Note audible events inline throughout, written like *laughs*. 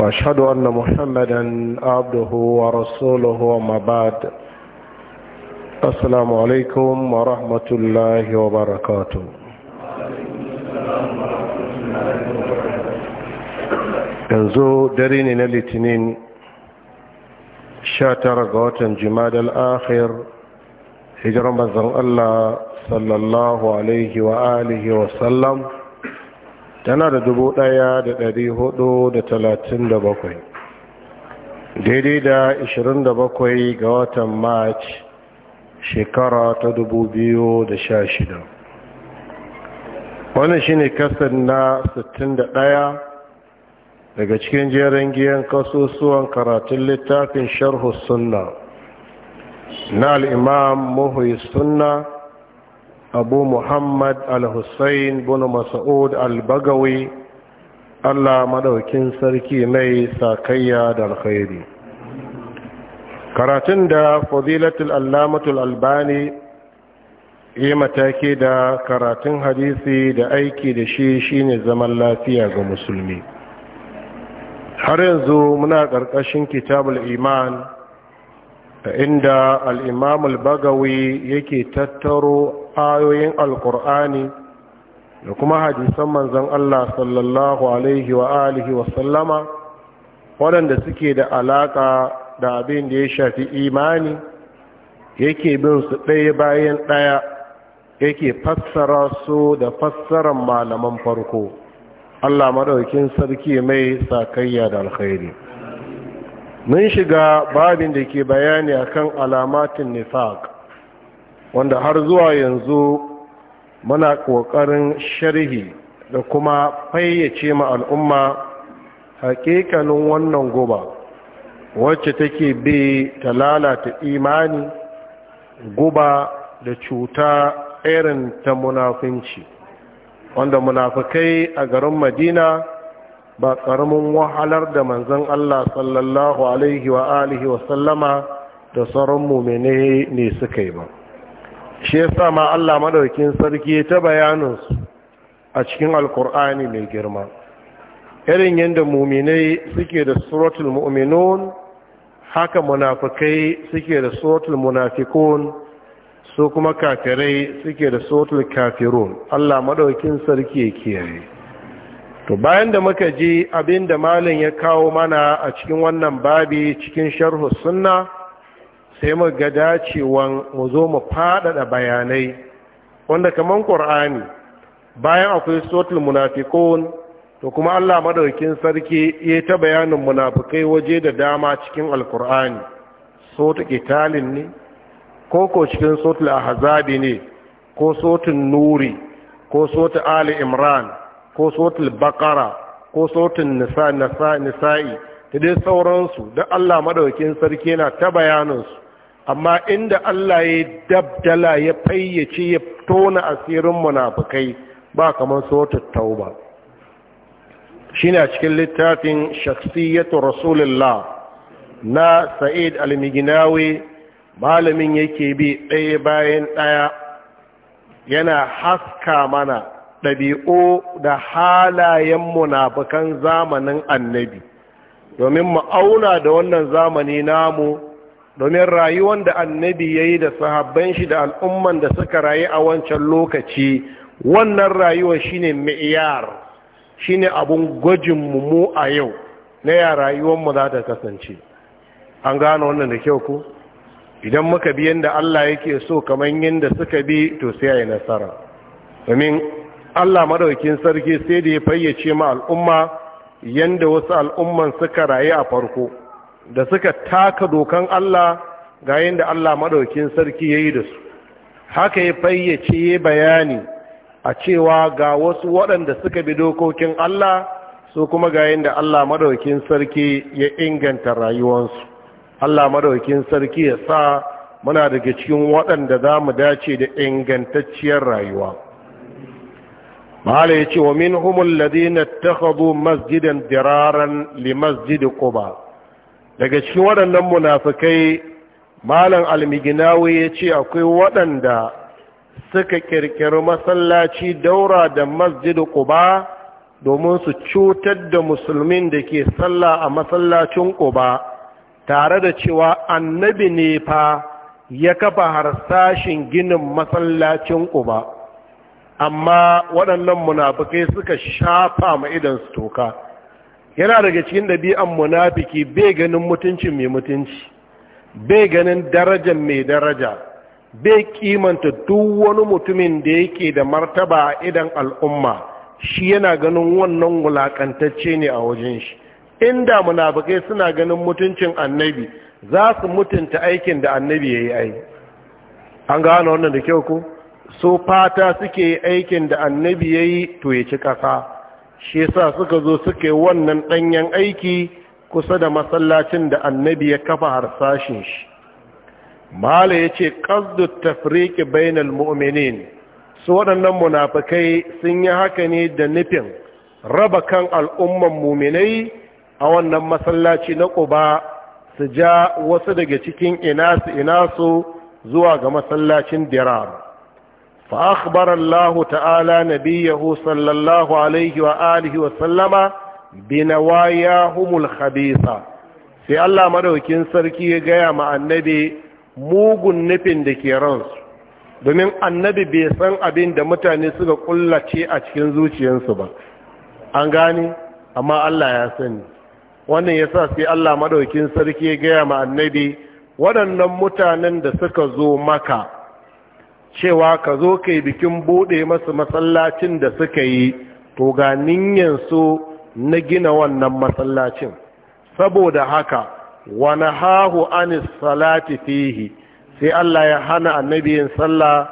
واشهد ان محمدا عبده ورسوله وما بعد السلام عليكم ورحمه الله وبركاته yanzu dare ne na litinin 19 ga watan jimadal akhir hijirar manzon Allah sallallahu alaihi wa alihi wa sallam tana da dubu ɗaya da ɗari hudu da talatin da bakwai daidai da ishirin da bakwai ga watan march shekara ta dubu biyu da sha shida wannan shine kasar na sittin da ɗaya daga cikin jerin giyan kasusuwan karatun littafin sharhu sunna na al'imam muhuyi sunna abu muhammad al-hussein bin mas'ud al-bagawi allah madaukin sarki mai sakayya da alkhairi karatun da fadilatul allamatul albani yi mataki da karatun hadisi da aiki da shi shine zaman lafiya ga musulmi har yanzu muna ƙarƙashin kitabul iman inda al'imam al-bagawi yake tattaro ayoyin alkur'ani da kuma hadisan manzon Allah sallallahu alaihi wa alihi wasallama waɗanda suke da alaƙa da abin da ya shafi imani yake bin su ɗaya bayan ɗaya yake fassara su da fassarar malaman farko Allah maɗaukin sarki mai sakayya da alkhairi. mun shiga babin da ke bayani akan alamatin nifaq wanda har zuwa yanzu muna ƙoƙarin sharhi da kuma fayyace ma al'umma haƙiƙanin wannan guba wacce take bi ta lalata imani guba da cuta irin ta munafunci wanda munafukai a garin madina ba ƙaramin wahalar da manzon Allah sallallahu alaihi wa alihi wa sallama da sauran mumene ne suka yi ba shi yasa ma Allah madaukin sarki ta bayanin su a cikin alkur'ani mai girma irin yadda mumene suke da suratul mu'minun haka munafikai suke da suratul munafikun su kuma kafirai suke da suratul kafirun Allah madaukin sarki ya kiyaye to bayan da muka ji abin da malin ya kawo mana a cikin wannan babi cikin sharhu sunna sai mu ga dacewan mu zo mu faɗaɗa bayanai wanda kaman ƙur'ani bayan akwai sotul munafikun to kuma Allah maɗaukin sarki ya ta bayanin munafikai waje da dama cikin alkur'ani sotu qitalin ne ko ko cikin sotul ahzabi ne ko sotun nuri ko sotu ali imran ko suratul bakara ko suratul nisa nisa'i da dai sauransu da Allah maɗaukin sarki yana ta bayanin amma inda Allah ya dabdala ya fayyace ya tona asirin munafukai ba kamar ta'u tauba shine a cikin littafin shaksiyatu rasulullah na Sa'id al miginawi malamin yake bi ɗaya bayan ɗaya yana haska mana ɗabi'u da halayen munafukan zamanin annabi domin mu auna da wannan zamani namu domin rayuwan da annabi ya yi da sahabban shi da al'umman da suka rayu a wancan lokaci wannan rayuwa shine miyar shine abun gwajin mu a yau na ya rayuwar mu za ta kasance an gano wannan da kyau ku idan muka bi da Allah yake so yin yanda suka bi to sai ayi nasara domin Allah madaukin sarki sai da ya fayyace ma al'umma yanda wasu al'umman suka rayu a farko da suka taka dokan Allah ga yanda Allah madaukin sarki yayi da su haka ya fayyace bayani a cewa ga wasu waɗanda suka bi dokokin Allah su kuma ga yanda Allah madaukin sarki ya inganta rayuwarsu Allah madaukin sarki ya sa muna daga cikin waɗanda za mu dace da ingantacciyar rayuwa mahala ya ce wa min humul ta takhadhu masjidan diraran limasjidi ƙuba? daga cikin waɗannan munafikai malam almiginawi ya ce akwai waɗanda suka ƙirƙiri masallaci daura da masjidi ƙuba domin su cutar da musulmin da ke sallah a masallacin ƙuba? tare da cewa annabi ne fa ya kafa harsashin ginin masallacin ƙuba? amma waɗannan munafukai suka shafa ma idan su toka yana daga cikin ɗabi'an munafiki bai ganin mutuncin mai mutunci bai ganin daraja mai daraja bai kimanta duk wani mutumin da yake da martaba a idan al'umma shi yana ganin wannan wulakantacce ne a wajen shi inda munafukai suna ganin mutuncin annabi za su mutunta aikin da annabi ya yi ai an gano wannan da kyau ko su fata suke aikin da annabi ya yi to ya ci ƙasa shi sa suka zo suke wannan ɗanyen aiki kusa da masallacin da annabi ya kafa harsashin shi mala ya ce ƙasdu tafriki bainal mu'minin su waɗannan munafukai sun yi haka ne da nufin raba kan al'umman muminai a wannan masallaci na ƙuba su ja wasu daga cikin ina-tsu-ina su zuwa ga masallacin dirar فأخبر الله تعالى نبيه صلى الله عليه وآله وسلم بنواياهم الخبيثة sai Allah madaukin sarki ya gaya ma annabi mugun nufin da ke ransu domin annabi bai san abin da mutane suka kullace a cikin zuciyarsu ba an gane amma Allah ya sani wannan yasa sai Allah maɗaukin sarki ya gaya ma annabi waɗannan mutanen da suka zo maka cewa ka zo kai bikin bude masu masallacin da suka yi to ga su na gina wannan masallacin saboda haka wani hahu anis salati fihi sai Allah ya hana annabiyin sallah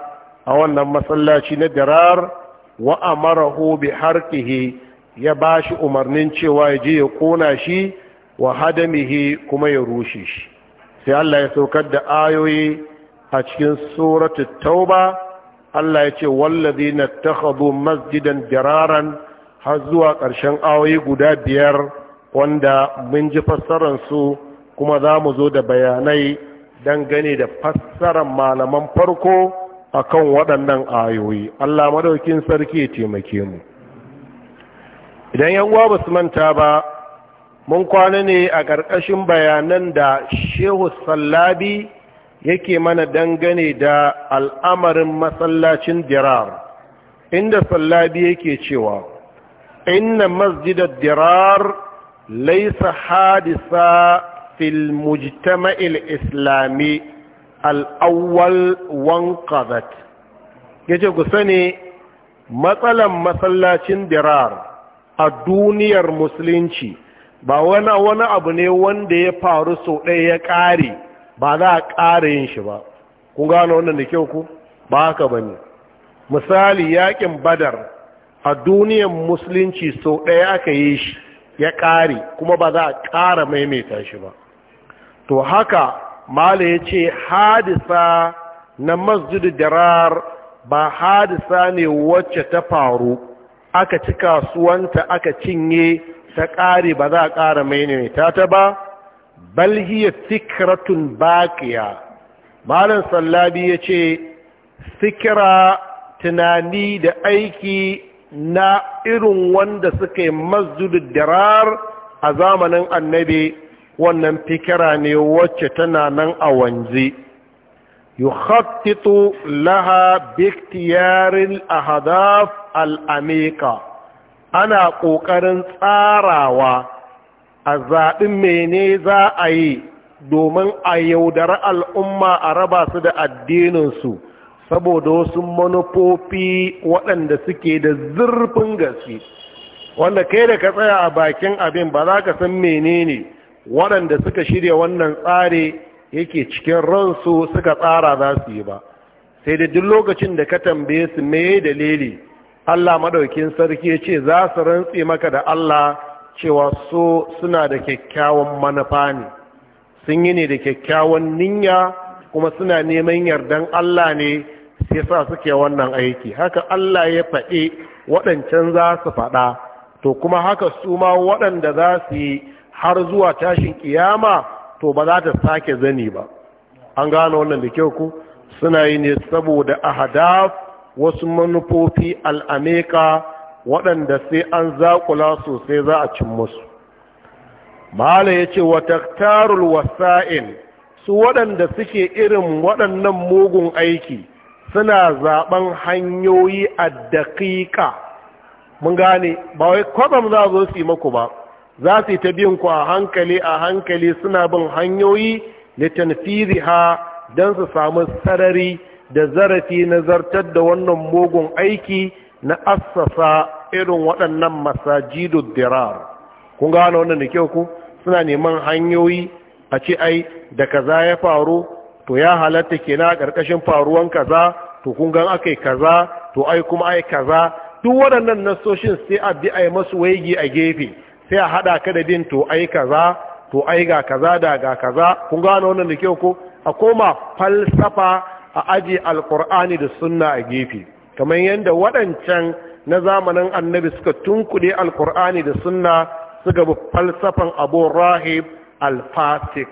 a wannan masallaci na dirar wa amarahu bi harqihi ya bashi umarnin cewa ya je ya kona shi wa hadamihi kuma ya rushe shi sai Allah ya saukar da ayoyi a cikin suratu tauba Allah ya ce wallazi na takhadu masjidan diraran har zuwa ƙarshen awoyi guda biyar wanda mun ji fassararsu kuma za mu zo da bayanai dangane da fassarar malaman farko a kan waɗannan ayoyi Allah madaukin sarki ya taimake mu idan yan uwa su manta ba mun kwana ne a ƙarƙashin bayanan da shehu sallabi yake mana dangane da al'amarin masallacin dirar inda sallabi yake cewa inna masjidar dirar laisa hadisa fil mujtama'il islami al'awwal wanqadat yace ku sani matsalan masallacin dirar a duniyar musulunci ba wani abu ne wanda ya faru sau ɗaya ya ƙare ba za a ƙara yin shi ba ku gano wannan da kyau ku ba haka ba ne misali yakin badar a duniyan musulunci sau ɗaya aka yi shi ya ƙare kuma ba za a ƙara maimaita shi ba to haka mala ya ce hadisa na masjid jarar ba hadisa ne wacce ta faru aka ci kasuwanta aka cinye ta ƙare ba za a ƙara maimaita ta ba bal hiya fikratun baqiya malam sallabi ce, fikira tunani da aiki na irin wanda suka yi masjidul dirar a zamanin annabi wannan fikira ne wacce tana nan a wanzi yukhattitu laha biktiyaril ahadaf Al-Amika. ana ƙoƙarin tsarawa a zaɓi mene za a yi domin a yaudara al'umma a raba su da addininsu saboda wasu manufofi waɗanda suke da zurfin gaske wanda kai da ka tsaya a bakin abin ba za ka san menene waɗanda suka shirya wannan tsari yake cikin ransu suka tsara za su yi ba sai da duk lokacin da ka tambaye su me dalili Allah madaukin sarki ya ce za su rantse maka da Allah cewa so suna da kyakkyawan manufa ne sun yi ne da kyakkyawan niyya kuma suna neman yardan Allah ne sai sa suke wannan aiki haka Allah ya faɗi waɗancan za su faɗa to kuma haka su ma waɗanda za su yi har zuwa tashin kiyama to ba za ta sake zani ba an gano wannan da kyau ku suna yi ne saboda ahadaf wasu manufofi al'ameka waɗanda sai an zaƙula sosai za a cin musu mahala ya ce tarul wasa'in su waɗanda suke irin waɗannan mugun aiki suna zaɓen hanyoyi a daƙiƙa mun gane ba wai kwaɓam za zo su yi maku ba za su yi ta biyan ku a hankali a hankali suna bin hanyoyi litanfiri ha don su samu sarari da zarafi na zartar da wannan mugun aiki na assasa irin waɗannan masajidu dirar kun gano wannan da kyau ku suna neman hanyoyi a ce ai da kaza ya faru to ya halatta kenan na ƙarƙashin faruwan kaza to kun gan akai kaza to ai kuma ai kaza duk waɗannan nasoshin sai a bi ai masu waigi a gefe sai a haɗa ka da bin to ai kaza to ai ga kaza da ga kaza kun gano wannan da kyau ku a koma falsafa a aji alkur'ani da sunna a gefe kamar yadda waɗancan na zamanin annabi suka tunkuɗe alkur'ani da sunna suka bi falsafan abu rahib alfatik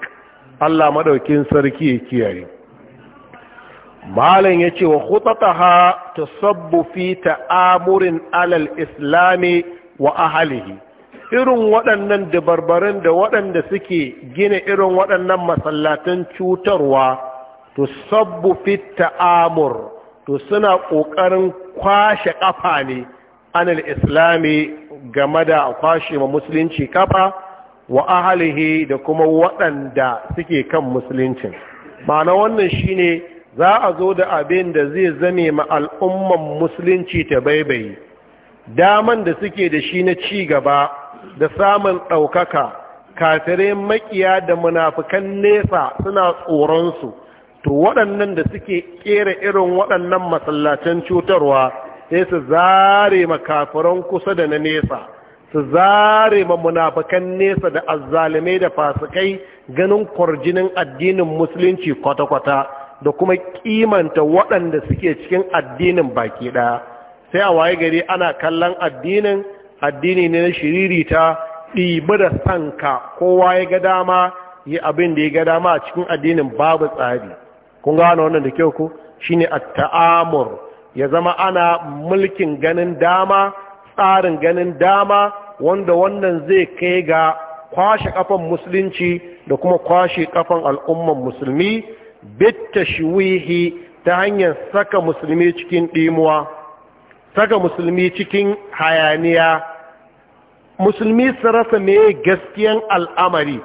allah maɗaukin sarki ya kiyaye malam ya ce wa khutataha ta sabbu fi ta'amurin alal islami wa ahalihi irin waɗannan dabarbarin da waɗanda suke gina irin waɗannan masallatan cutarwa ta sabbu fi ta'amur to suna ƙoƙarin kwashe ƙafa ne anil islami game da kwashe ma musulunci ƙafa wa ahalihi da kuma waɗanda suke kan musuluncin ma'ana wannan shi ne za a zo da abin da zai zame ma al'umman musulunci ta baibayi daman da suke da shi na ci gaba da samun ɗaukaka kafirin makiya da munafukan nesa suna tsoronsu to waɗannan da suke ƙera irin waɗannan masallacin cutarwa sai su zare makafiran kusa da na nesa su zare ma munafikan nesa da azzalimai da fasikai ganin kwarjinin addinin musulunci kwata-kwata da kuma kimanta waɗanda suke cikin addinin baki ɗaya sai a waye gari ana kallon addinin addini ne na shiririta ɗibi da sanka kowa ya ga dama yi abin da ya ga dama a cikin addinin babu tsari kun gano wannan da kyau ku? shine at-ta'amur ya zama ana mulkin ganin dama tsarin ganin dama wanda wannan zai kai ga kwashe kafan musulunci da kuma kwashe kafan al'umman musulmi bit tashwihi ta hanyar saka musulmi cikin dimuwa saka musulmi cikin hayaniya musulmi su rasa gaskiyan al'amari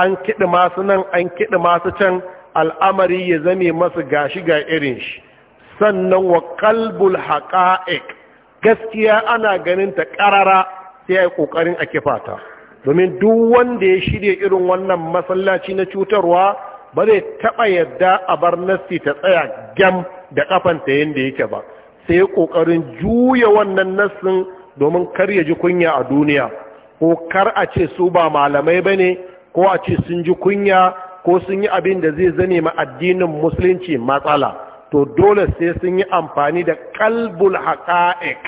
an kiɗi masu nan an kiɗi masu can al'amari ya zame masu gashi ga irin shi sannan wa kalbul haƙa’ik gaskiya ana ganin ta ƙarara sai ya yi ƙoƙarin a kifata domin duk wanda ya shirya irin wannan masallaci na cutarwa ba zai taɓa yadda a bar nasti ta tsaya gam da ƙafanta yadda yake ba sai ƙoƙarin juya wannan nassin domin kar ya ji kunya a duniya ko kar a ce su ba malamai ba ne ko a ce sun ji kunya ko sun yi abin da zai zane ma addinin musulunci matsala to dole sai sun yi amfani da kalbul haqa'iq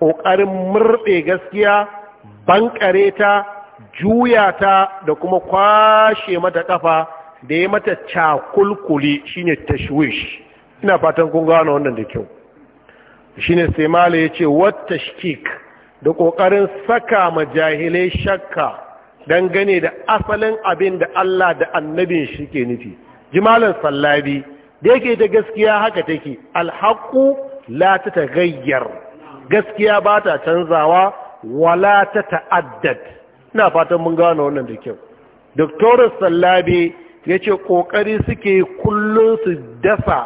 ƙoƙarin murɗe gaskiya bankare ta juya ta da kuma kwashe mata kafa da ya mata cakulkuli shine tashwish ina fatan kun gano wannan da kyau shine sai mala yace wat tashkik da kokarin saka ma jahilai shakka dangane da asalin abin da Allah da annabin shi ke nufi jimalan sallabi da yake ta gaskiya haka take alhaku la ta tagayyar gaskiya ba ta canzawa wala ta ta'addad ina fatan mun gano wannan da kyau doktorin sallabi ya ce ƙoƙari suke kullum su dasa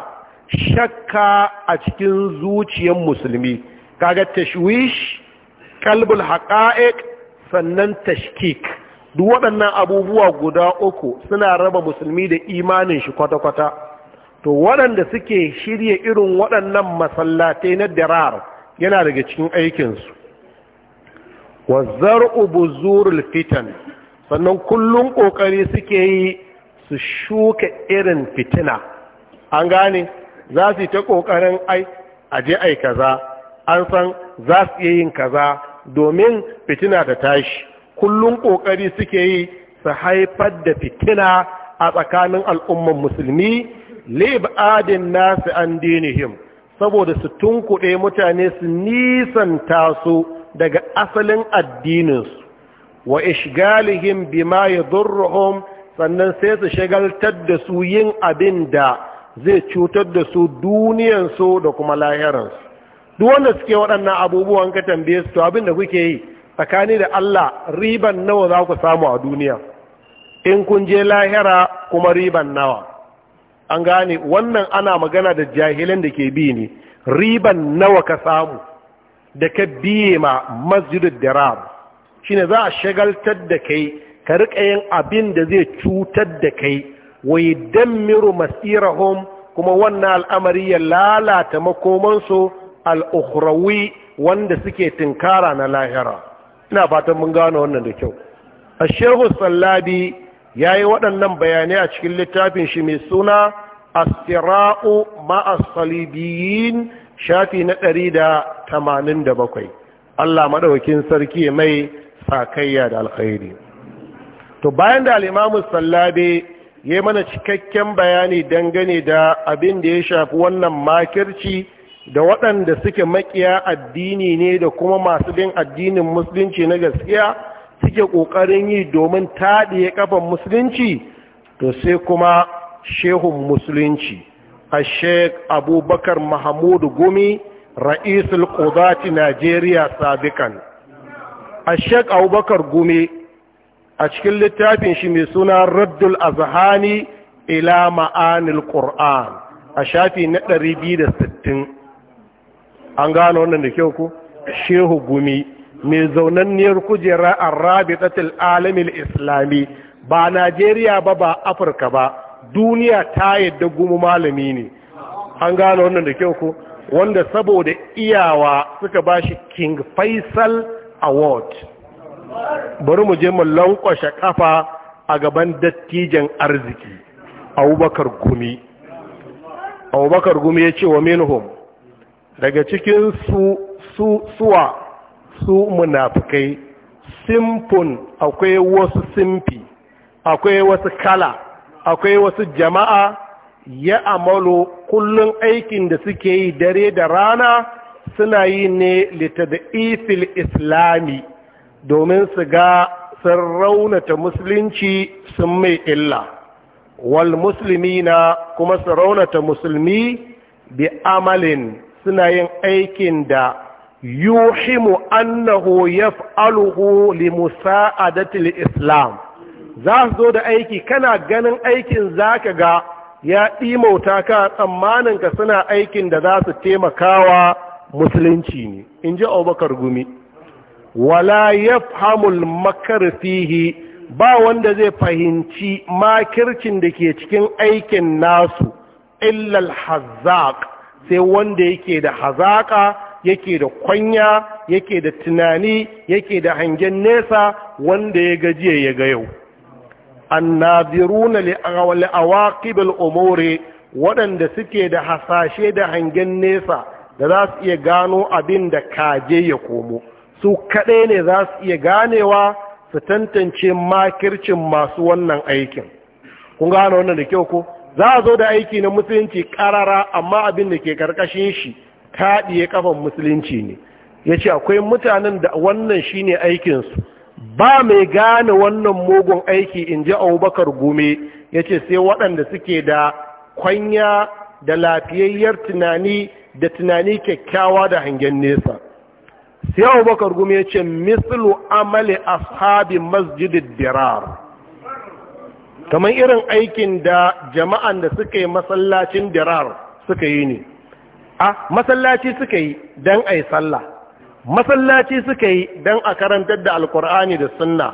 shakka a cikin zuciyar musulmi kaga tashwish kalbul haƙa'iq sannan tashkik duk waɗannan abubuwa guda uku suna raba musulmi da imanin shi kwata-kwata to waɗanda suke shirya irin waɗannan masallatai na dirar yana daga cikin aikinsu wa zar'u buzurul fitan sannan kullum ƙoƙari suke yi su shuka irin fitina an gane za su yi ta ƙoƙarin ai aje ai kaza an san za su yi yin kaza domin fitina ta tashi kullum ƙoƙari suke yi su haifar da fitina a tsakanin al'umman musulmi adin nasu an dinihim saboda su tunkuɗe mutane su nisanta su daga asalin addininsu wa ishgalihim bima yadurruhum sannan sai su shagaltar da su yin abin da zai cutar da su duniyansu da kuma lahiransu duk wanda suke waɗannan abubuwan ka tambaye su to abin da kuke yi tsakani da Allah riban nawa za ku samu a duniya in kun je lahira kuma riban nawa an gane wannan ana magana da jahilan da ke bi ne riban nawa ka samu da ka biye ma masjidul dirar shine za a shagaltar da kai ka rika yin abin da zai cutar da kai wai dammiru masirahum kuma wannan al'amari ya lalata makomansu al-ukhrawi wanda suke tinkara na lahira ina fatan mun gano wannan da kyau a shehu sallabi ya yi waɗannan bayanai a cikin littafin shi mai suna astira'u salibiyin shafi na ɗari da tamanin da bakwai allah maɗaukin sarki mai sakayya da alkhairi to bayan da al'imamu sallabi ya yi mana cikakken bayani dangane da abin da ya shafi wannan makirci da waɗanda suke makiya addini ne da kuma masu bin addinin musulunci na gaskiya suke ƙoƙarin yi domin taɗiye ƙafan musulunci to sai kuma shehun musulunci a sheik abubakar mahamudu gumi ra'isul ƙudati najeriya sabikan a sheik abubakar gumi a cikin littafin shi mai suna raddul azhani ila ma'anil ƙur'an a shafi na sittin. an gane wannan da kyau ko shehu gumi mai zaunanniyar kujera a tsatil alamil islami ba najeriya ba ba afirka ba duniya ta yadda gumu malami ne an gane wannan da kyau ko wanda saboda iyawa suka ba shi king faisal award bari mu je mu lankwashe kafa a gaban dattijan arziki abubakar gumi abubakar gumi ya ce wa minhum daga cikin su su suwa su munafukai simfun akwai wasu simfi akwai wasu kala akwai wasu jama'a ya amalo kullum aikin da suke yi dare da rana suna yi ne litadifil islami domin su ga sun raunata musulunci sun mai illa wal musulmi na kuma su raunata musulmi bi amalin suna yin aikin da yuhimu annahu yaf'aluhu li musa'adati islam za su zo da aiki kana ganin aikin zaka ga ya dimauta ka tsammanin ka suna aikin da za su taimakawa musulunci ne in ji abubakar gumi wala yafhamul makar fihi ba wanda zai fahimci makircin da ke cikin aikin nasu illal hazzaq sai wanda yake da hazaka yake da kwanya yake da tunani yake da hangen nesa wanda ya gajiya ya ga yau annabiruna li awaqibil umuri waɗanda suke da hasashe da hangen nesa da za su iya gano abin da kaje ya komo su kaɗai ne za su iya ganewa su tantance makircin masu wannan aikin kun gano wannan da kyau ko za a zo da aiki na musulunci karara amma abin da ke karkashin shi kaɗiye kafan musulunci ne ya ce akwai mutanen da wannan shi ne aikinsu ba mai gane wannan mugun aiki in ji abubakar gume ya ce sai waɗanda suke da kwanya da lafiyayyar tunani da tunani kyakkyawa da hangen nesa sai abubakar gume ya ce mislu amali ashabi masjidid dirar kamar irin aikin da jama'an da suka yi masallacin dirar suka yi ne a masallaci suka yi don a yi sallah masallaci suka yi don a karantar da alkur'ani da sunna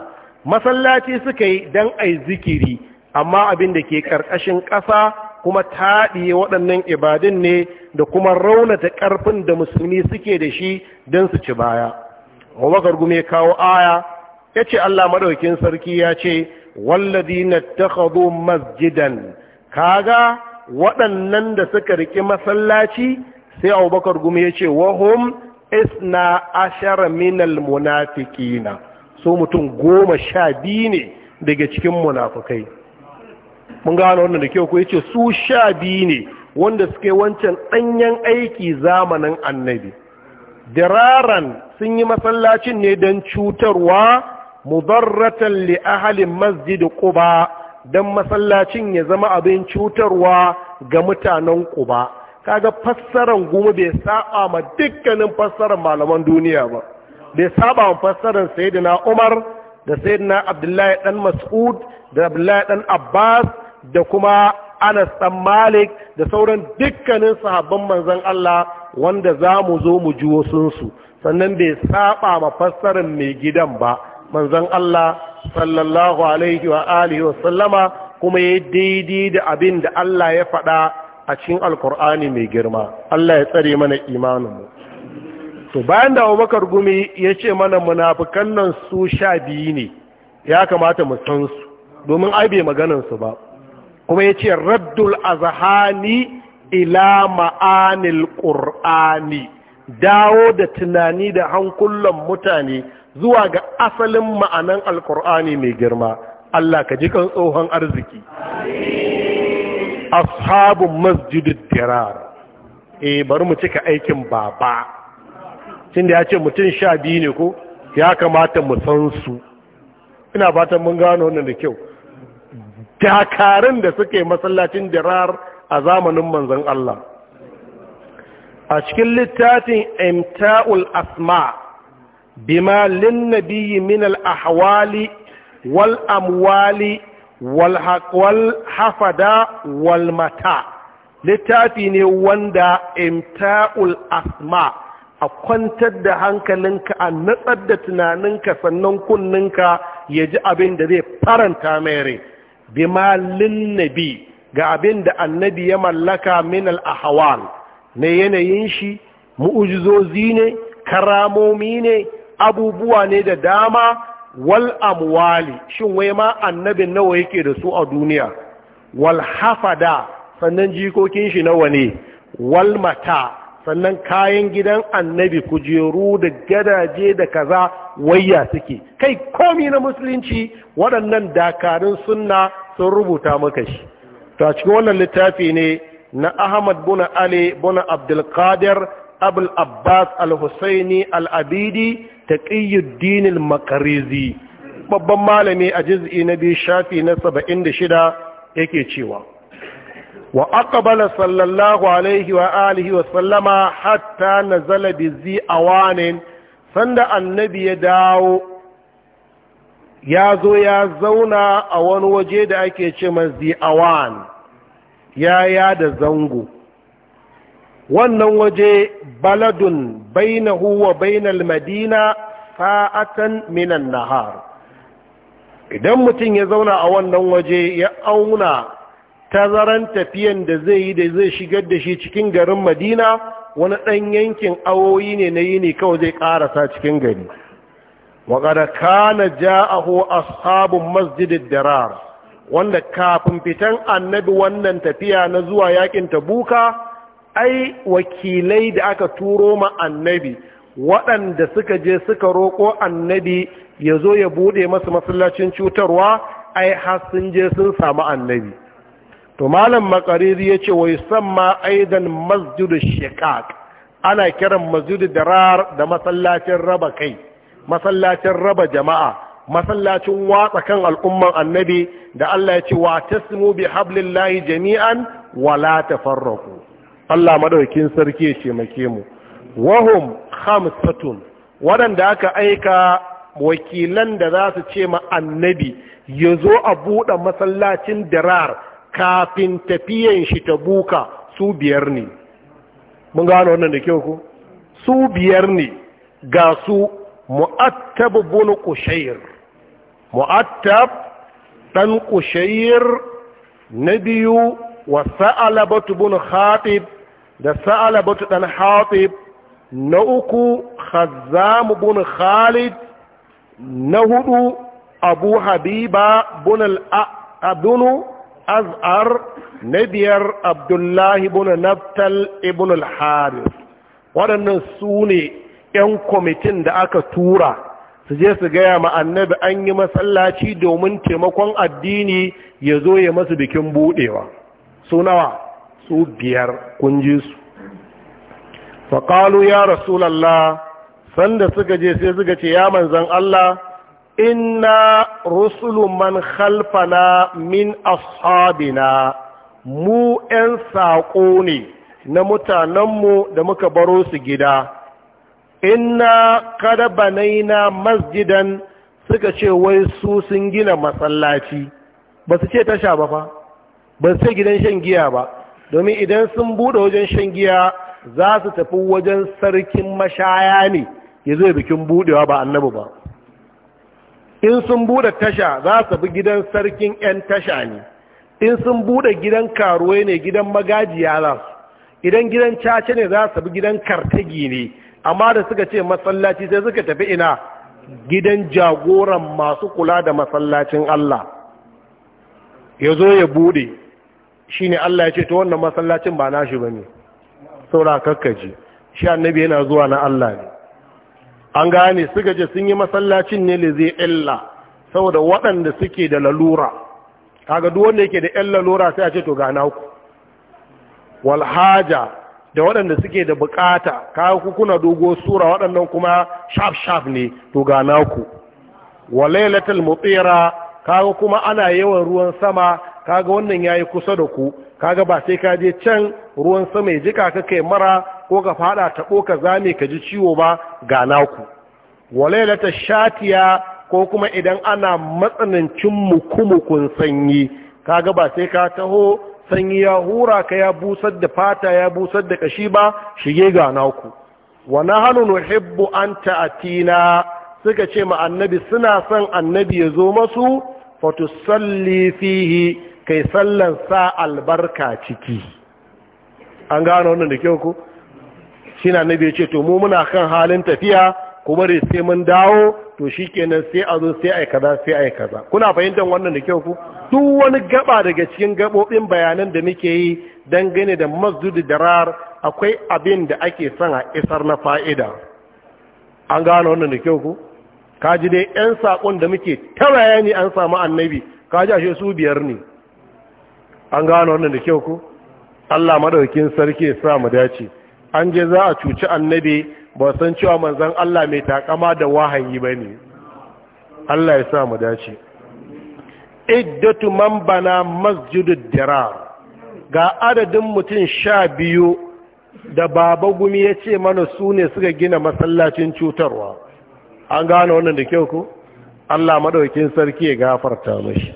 masallaci suka yi don a yi zikiri amma abin da ke ƙarƙashin ƙasa kuma taɗiye waɗannan ibadin ne da kuma raunata ƙarfin da musulmi suke da shi don su ci baya. Wa gume kawo aya, ya ce Allah maɗaukin sarki ya ce, walladina takhadhu masjidan kaga waɗannan da suka riƙe masallaci sai Abubakar gumi yace wahum isna ashara minal munafiqina so mutum goma sha biyu ne daga cikin munafukai mun gano wannan da kyau ko yace su sha biyu ne wanda suke wancan danyen aiki zamanin annabi diraran sun yi masallacin ne don cutarwa mudarratan li ahalin masjid quba dan masallacin ya zama abin cutarwa ga mutanen quba kaga fassaran goma bai saba ma dukkanin fassaran malaman duniya ba bai saba ma fassaran sayyidina Umar da sayyidina Abdullahi dan Mas'ud da Abdullahi dan Abbas da kuma Anas dan Malik da sauran dukkanin sahabban manzon Allah wanda za mu zo mu ji wasunsu sannan bai saba ma fassarar mai gidan ba manzon Allah sallallahu alaihi wa alihi wa sallama kuma ya daidai da abin da Allah ya faɗa a cikin alkur'ani mai girma Allah ya tsare mana imaninmu to bayan da Abubakar Gumi ya ce mana munafikan nan su sha biyu ne ya kamata mu san su domin ai bai maganar su ba kuma ya ce raddul azhani ila ma'anil qur'ani dawo da tunani da hankulan mutane zuwa ga asalin ma'anan alkur'ani mai girma Allah ka ji kan tsohon arziki ashabun masjidin dirar e bari mu cika aikin baba cin da ya ce mutum sha biyu ne ko ya kamata mu san su ina fatan mun gano wannan da kyau dakarun da suke masallacin dirar a zamanin manzon Allah a cikin littafin imta'ul asma' بما للنبي من الأحوال ahwali wal amwali wal hafada wal littafi ne wanda imta'ul asma a kwantar da hankalinka a natsar da tunaninka sannan kunninka ya ji abin da zai faranta mai rai bima linnabi ga abin da annabi ya mallaka min al na yanayin shi mu'ujizozi ne karamomi ne abubuwa ne da dama wal amwali shin wai ma annabin nawa yake da su a duniya wal hafada sannan jikokin shi nawa ne wal mata sannan kayan gidan annabi kujeru da gadaje da kaza wayya suke kai komai na musulunci waɗannan dakarun sunna sun rubuta maka shi ta cikin wannan littafi ne na ahmad buna ali buna abdulkadir abul abbas al-husaini al-abidi taqiyuddin al-maqrizi babban malami a juz'i na bi shafi na 76 yake cewa wa aqbala sallallahu alaihi wa alihi wa sallama hatta nazala bi zi awanin sanda annabi ya dawo ya zo ya zauna a wani waje da ake ce mazi awan ya ya da zango wannan waje baladun bainahu wa bainal madina fa'atan minan nahar idan mutum ya zauna a wannan waje ya auna tazaran tafiyan da zai yi da zai shigar da shi cikin garin madina wani ɗan yankin awoyi ne na yini kawai zai ƙarasa cikin gari waƙada kana ja'ahu ashabun masjidid darar wanda kafin fitan annabi wannan tafiya na zuwa yakin tabuka ai wakilai da aka turo ma annabi waɗanda suka je suka roƙo annabi ya zo ya buɗe masu masallacin cutarwa ai har sun je sun samu annabi to malam makariri ya ce wai ma aidan masjidu shekak ana kiran masjidu darar da masallacin raba kai masallacin raba jama'a masallacin watsa kan al'umman annabi da Allah ya ce wa tasmu bi hablillahi jami'an wala tafarraqu Allah madaukin sarki ya taimake mu wahum khamsatun waɗanda aka aika wakilan da za su ce ma annabi ya zo a buɗe masallacin dirar kafin tafiyan shi ta buka su biyar ne mun gano wannan da kyau ku su biyar ne ga su mu'attab bin qushayr mu'attab dan qushayr na biyu wa sa'alabatu bin khatib da sa'ala batu ɗan hatib na uku khazamu bin khalid na hudu abu habiba abunu az'ar na biyar abdullahi bin naftal ibn al-haris waɗannan su ne 'yan kwamitin da aka tura su je su gaya ma annabi an yi masallaci domin taimakon addini ya zo ya masu bikin buɗewa, su nawa su biyar kun ji su faƙalu ya rasulallah sanda suka je sai suka ce ya manzan Allah inna rusulu man khalfana min ashabina mu 'yan saƙo ne na mutanenmu da muka baro su gida inna kada banaina masjidan suka ce wai su sun gina masallaci ba su ce tasha ba fa ba su ce gidan shan giya ba domin idan sun buɗe wajen shan giya za su tafi wajen sarkin mashaya ne ya zo bikin buɗewa ba annabu ba in sun buɗe tasha za su tafi gidan sarkin 'yan tasha ne in sun buɗe gidan karuwai ne gidan magajiya za su idan gidan caca ne za su tafi gidan kartagi ne amma da suka ce masallaci sai suka tafi ina gidan jagoran masu kula da masallacin Allah ya zo ya buɗe Shin Allah ya ce to wannan masallacin ba na shi ba ne saura kakkaji shi annabi yana zuwa na Allah ne an gane suka gaje sun yi masallacin ne le zai illa saboda waɗanda suke da lalura kaga duk wanda yake da yan lalura sai a ce to ga naku Walhaja da waɗanda suke da bukata kaga ku kuna dogo sura waɗannan kuma sharp sharp ne to ga naku wa mutira kaga kuma ana yawan ruwan sama kaga wannan yayi kusa da ku kaga ba sai ka je can ruwan sama ya jika ka kai mara ko ka fada taɓo ka zame ka ji ciwo ba ga naku walailata shatiya ko kuma idan ana matsanancin mukumukun sanyi kaga ba sai ka taho sanyi ya hura ka ya busar da fata ya busar da kashi ba shige ga naku wa nahnu nuhibbu an ta'tina suka ce ma annabi suna son annabi ya zo masu tusalli fihi kai sallan sa albarka ciki an gano wannan da kyau ku shi na nabi ce to mu muna kan halin tafiya kuma da sai mun dawo to shi kenan sai a zo sai a kaza sai a kaza kuna fahimtar wannan da kyau ku duk wani gaba daga cikin gabobin bayanan da muke yi dangane da da darar akwai abin da ake son a isar na fa'ida an gano wannan da kyau ku kaji dai 'yan saƙon da muke ta bayani an samu annabi kaji shi su biyar ne an gano wannan da kyau ko Allah madaukakin sarki ya sa mu dace an je za a cuci annabi ba san cewa manzon Allah mai takama da wahayi bane Allah ya sa mu dace iddatu man bana masjidud dirar ga adadin mutum sha da baba gumi yace mana su ne suka gina masallacin cutarwa an gano wannan da kyau ko Allah madaukakin sarki ya gafarta mashi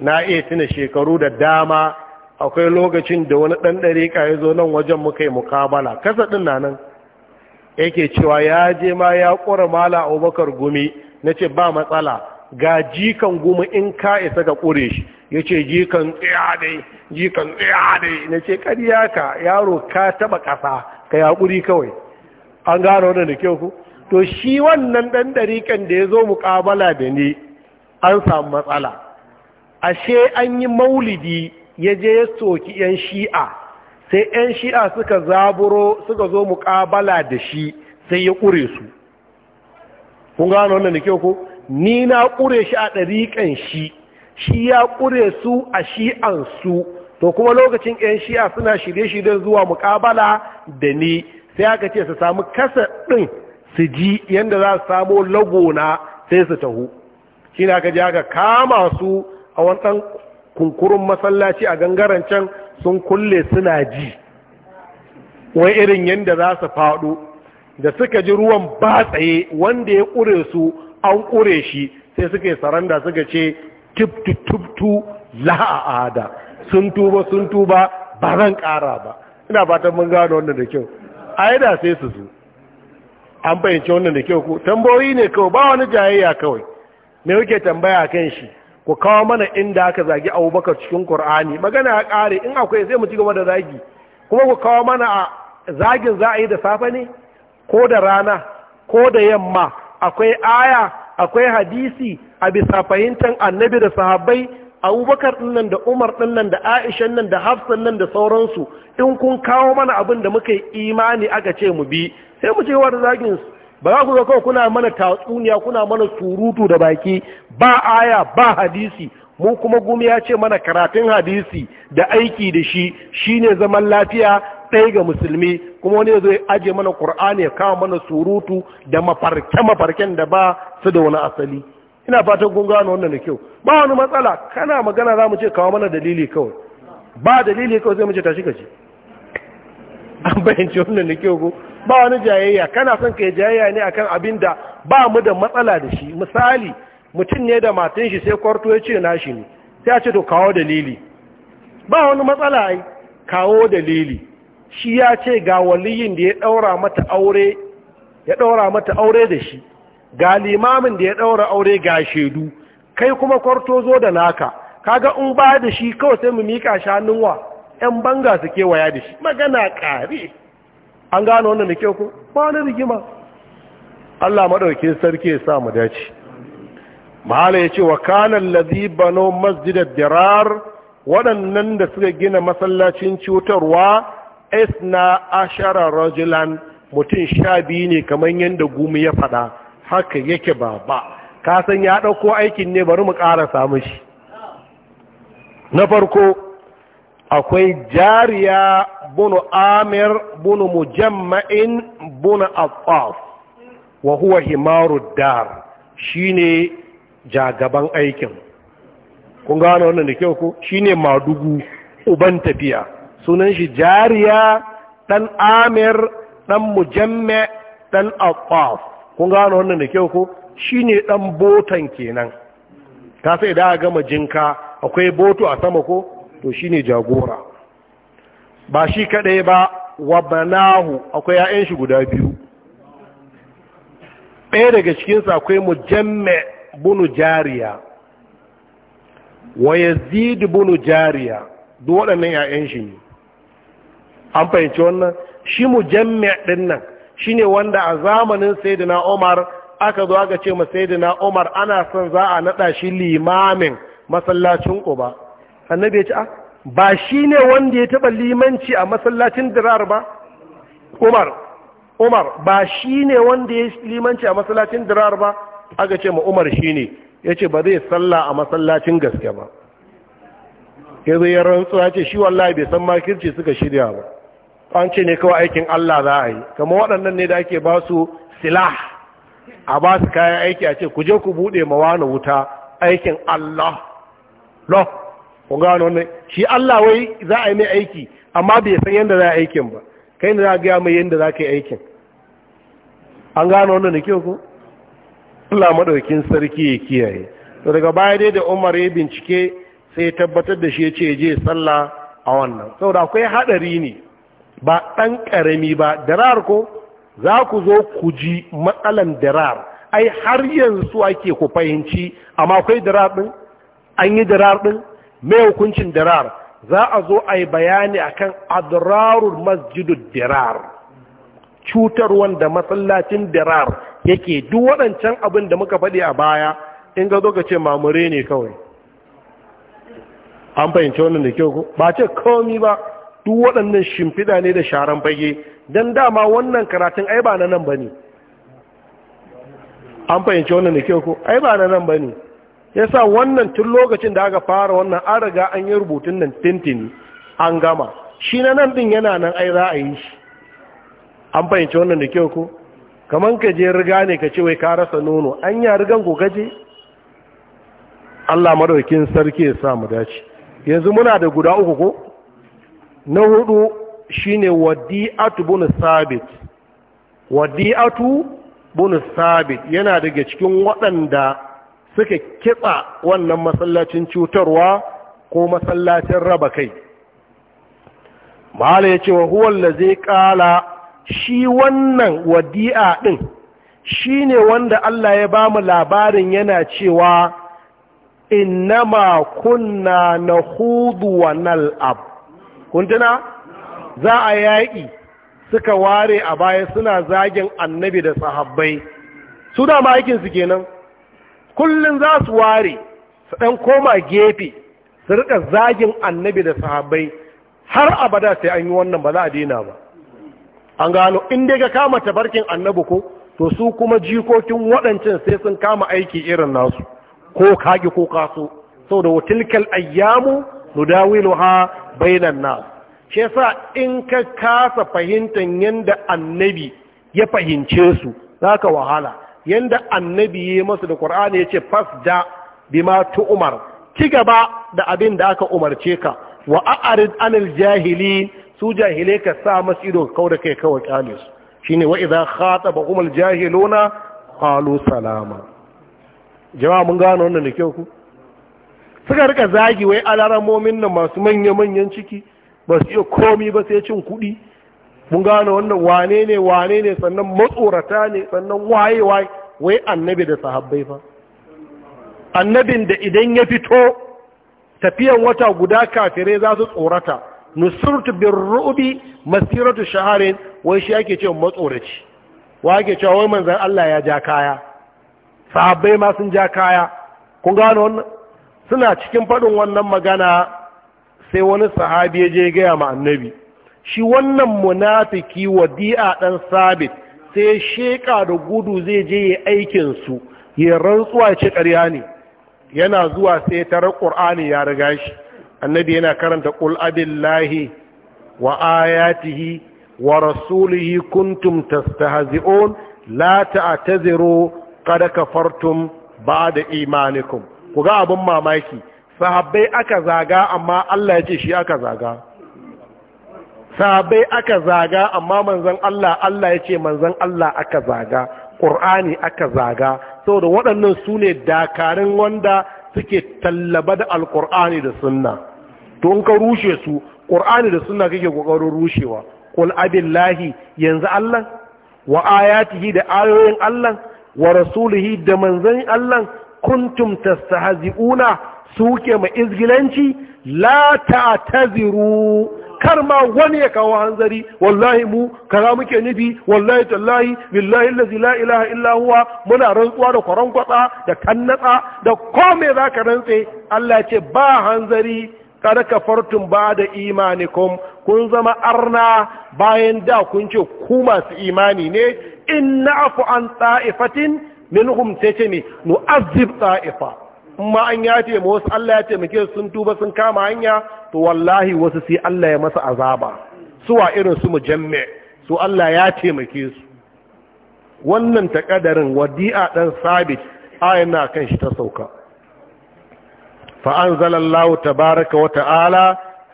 na iya tuna shekaru da dama akwai lokacin da wani ɗan ɗariƙa ya zo nan wajen muka yi mukabala kasa ɗin na nan yake cewa ya je ma ya ƙura mala abubakar gumi na ce ba matsala ga jikan gumi in ka isa ka ƙure shi ya ce jikan tsaya dai jikan tsaya dai na ce ƙarya ka yaro ka taɓa ƙasa ka ya ƙuri kawai an gano wannan da kyau ku to shi wannan ɗan ɗarikan da ya zo mukabala da ni an samu matsala ashe an yi maulidi ya je ya soki 'yan shi'a sai 'yan shi'a suka zaburo suka zo muƙabala da shi sai ya ƙure su kun gano wannan da kyau ko ni na ƙure shi a ɗariƙan shi shi ya ƙure su a shi'an su to kuma lokacin 'yan shi'a suna shirye-shiryen zuwa muƙabala da ni sai aka ce su samu kasa ɗin su ji yadda za su samo lagona sai su taho shi na aka ji aka kama su a wancan ɗan kunkurun masallaci a gangaren can sun kulle suna ji wai irin yadda za su faɗo da suka ji ruwan ba tsaye wanda ya ƙure su an ƙure shi sai suka yi saranda suka ce tubtu tubtu la'ada sun tuba sun tuba ba zan ƙara ba ina fatan mun gano wannan da kyau a da sai su zo an fahimci wannan da kyau ko tambayoyi ne kawai ba wani jayayya kawai me kuke tambaya kan shi ku kawo mana inda aka zagi abubakar cikin qur'ani magana ya ƙare in akwai sai mu ci gaba da zagi kuma ku kawo mana a zagin za a yi da safe ne ko da rana ko da yamma akwai aya akwai hadisi a bisa fahimtar annabi da sahabbai abubakar ɗinnan da umar ɗinnan da aishan nan da hafsan nan da sauransu in kun kawo mana abin da muka yi imani aka ce mu bi sai mu ce wa da zagin. ba za ku zo kawai kuna mana tatsuniya kuna mana surutu da baki ba aya ba hadisi mu kuma gumi ya ce mana karatun hadisi da aiki da shi shine zaman lafiya ɗaya ga musulmi kuma wani zai aje mana ƙur'ani ya kawo mana surutu da mafarke-mafarken da ba su da wani asali ina fatan kun gano wannan da kyau ba wani matsala kana magana za mu ce kawo mana dalili kawai ba dalili kawai zai mu ce tashi ka an bayyance wannan da kyau ko ba wani jayayya kana son ka yi jayayya ne akan abin da ba mu da matsala da shi misali mutum ne da matan shi sai kwarto ya ce nashi ne sai a ce to kawo dalili ba wani matsala ai kawo dalili shi ya ce ga waliyin da ya daura mata aure ya daura mata aure da shi ga limamin da ya daura aure ga shaidu, kai kuma kwarto zo da naka kaga in ba da shi kawai sai mu mika shanunwa yan banga su kewaya da shi magana kare an gano wannan da kyau ko ba na rigima Allah madaukakin sarki ya sa mu dace mahala yace wa kana allazi banu ad dirar waɗannan da suka gina masallacin cutarwa isna ashara rajulan mutum sha biyu ne kamar yadda gumi ya faɗa haka yake baba. ka san ya ɗauko aikin ne bari mu ƙara samu shi na farko akwai jariya بن آمر بن مجمع بن الطاف وهو همار الدار شيني جاغبان أيكم kun gano wannan da kyau ko shine madugu uban tafiya sunan shi jariya dan amir dan mujamme dan ataf kun gano wannan da kyau ko shine dan botan kenan ka sai da gama jinka akwai boto a sama ko to shine jagora ba shi kaɗai ba wa banahu akwai ‘ya'yan shi guda biyu ɗaya daga cikinsa akwai mu jamme bunu jariya wa yazid bunu jariya duk waɗannan ‘ya'yan shi ne an fahimci wannan shi jamme ɗin nan shi ne wanda a zamanin saidina umar aka zo aka ce ma saidina umar ana son za a naɗa shi limamin masallacin uba annabi ya ce a ah, ba shi ne wanda ya taɓa limanci a masallacin dirar ba umar umar ba shi ne wanda ya limanci a masallacin dirar ba Aga ce ma umar shi ne ya ce ba zai salla a masallacin gaske ba ya zai ya rantsuwa ce shi wallahi bai san makirci suka shirya ba an ce ne kawai aikin allah za a yi kama waɗannan ne da ake ba su silah a ba su kayan aiki a ce ku je ku buɗe ma wani wuta aikin allah Lo, ku gano wannan shi Allah wai za a yi mai aiki amma bai san yadda za a aikin ba kai ne za a gaya mai yadda za ka yi aikin an gano wannan da kyau ko Allah madaukin sarki ya kiyaye to daga baya dai da Umar ya bincike sai ya tabbatar da shi ya ce je sallah a wannan saboda akwai hadari ne ba ɗan ƙarami ba darar ko za ku zo ku ji matsalan darar ai har yanzu ake ku fahimci amma akwai darar ɗin an yi darar ɗin mai hukuncin dirar za a zo a yi bayani a kan adrarul masjidun dirar cutar wanda matsalacin dirar yake duk waɗancan abin da muka faɗi a baya in ga zo ka ce mamure ne kawai an fahimci wannan da kyau ba ce komi ba duk waɗannan shimfiɗa ne da sharan fage don dama wannan karatun ai ba na nan ba ne an fahimci wannan da kyau ai ba na nan ba ne yasa wannan tun lokacin da aka fara wannan an riga an yi rubutun nan tintini an gama shi na nan din yana nan ai za a yi shi an fahimci wannan da kyau ko kaman ka je riga ne ka ce wai ka rasa nono an ya rigan ko kaje Allah madaukin sarki ya sa mu dace yanzu muna da guda uku ko na hudu shine wadi'atu bunu sabit wadi'atu bunu sabit yana daga cikin waɗanda suka kitsa wannan masallacin cutarwa ko masallacin raba kai mahala ya ce wa huwalla zai kala shi wannan wadi'a din shi ne wanda Allah ya ba mu labarin yana cewa innama kunna na hudu wa nal'ab kuntuna za a yaƙi suka ware a baya suna zagin annabi da sahabbai su da aikinsu kenan kullum za su ware su ɗan koma gefe su rika zagin annabi da sahabai. har abada sai an yi wannan ba za a daina ba an gano in dai ga kama tabarkin annabi ko to su kuma jikokin waɗancan sai sun kama aiki irin nasu ko kage ko kaso da watilkal ayyamu ha bainan nas shi yasa in ka kasa fahimtar yanda annabi ya fahimce su zaka wahala yanda annabi ya masa da qur'ani yace fasda bima umar ki gaba da abin da aka umarce ka wa a'rid anil jahilin su jahilai ka sa masu ido kau da kai kawai kyale su shine wa idza ba al jahiluna qalu salama jama'a mun gano wannan da kyau ku suka rika zagi wai alaramomin nan masu manya manyan ciki ba su iya komi ba sai cin kuɗi mun gano wannan wane ne wane ne sannan matsorata ne sannan waye waye wai annabi da sahabbai fa annabin da idan ya fito tafiyan wata guda kafirai za su tsorata nusurtu bin rubi masiratu shaharin wai shi yake cewa matsoraci wa yake cewa wai manzon Allah ya ja kaya sahabbai ma sun ja kaya kun gano wannan suna cikin faɗin wannan magana sai wani sahabi ya je gaya ma annabi shi wannan munafiki wadi'a ɗan sabit sai Sheƙa da gudu zai je yi aikinsu ya rantsuwa ce ƙarya ne yana zuwa sai tarar ƙur'ani ya riga shi annabi yana karanta ƙul lahi wa ayatihi wa rasulihi kuntum tastahzi'un la ta'taziru qad kafartum ba'da imanikum ku ga abin mamaki sahabbai aka zaga amma Allah ya ce shi aka zaga sahabai aka zaga amma manzon Allah Allah ya ce manzan Allah aka zaga ƙur'ani aka zaga saboda waɗannan su ne dakarun wanda suke tallaba da alƙur'ani da sunna to in ka rushe su ƙur'ani da sunna kake ƙoƙarin rushewa qul abillahi yanzu Allah wa ayatihi da ayoyin Allah wa rasulihi da manzan Allah kuntum tastahzi'una suke ma izgilanci la ta'taziru kar ma wani ya kawo hanzari wallahi mu kaza muke nufi wallahi tallahi billahi la ilaha illa huwa muna rantsuwa da kwarankwatsa da kannatsa da kome zaka rantse Allah ya ce ba hanzari kada fartun ba da imanikum kun zama arna bayan da kun ce ku masu imani ne in na'fu an ta'ifatin minhum sai ne nu'azzib ta'ifa in ma an ya taimaka wasu Allah ya taimake sun tuba sun kama hanya to wallahi wasu sai Allah ya masa azaba suwa irin su mujamme su Allah ya taimake su wannan takadarin wadi'a dan sabit ayan na kan shi ta sauka fa anzalallahu tabaaraka wa ta'ala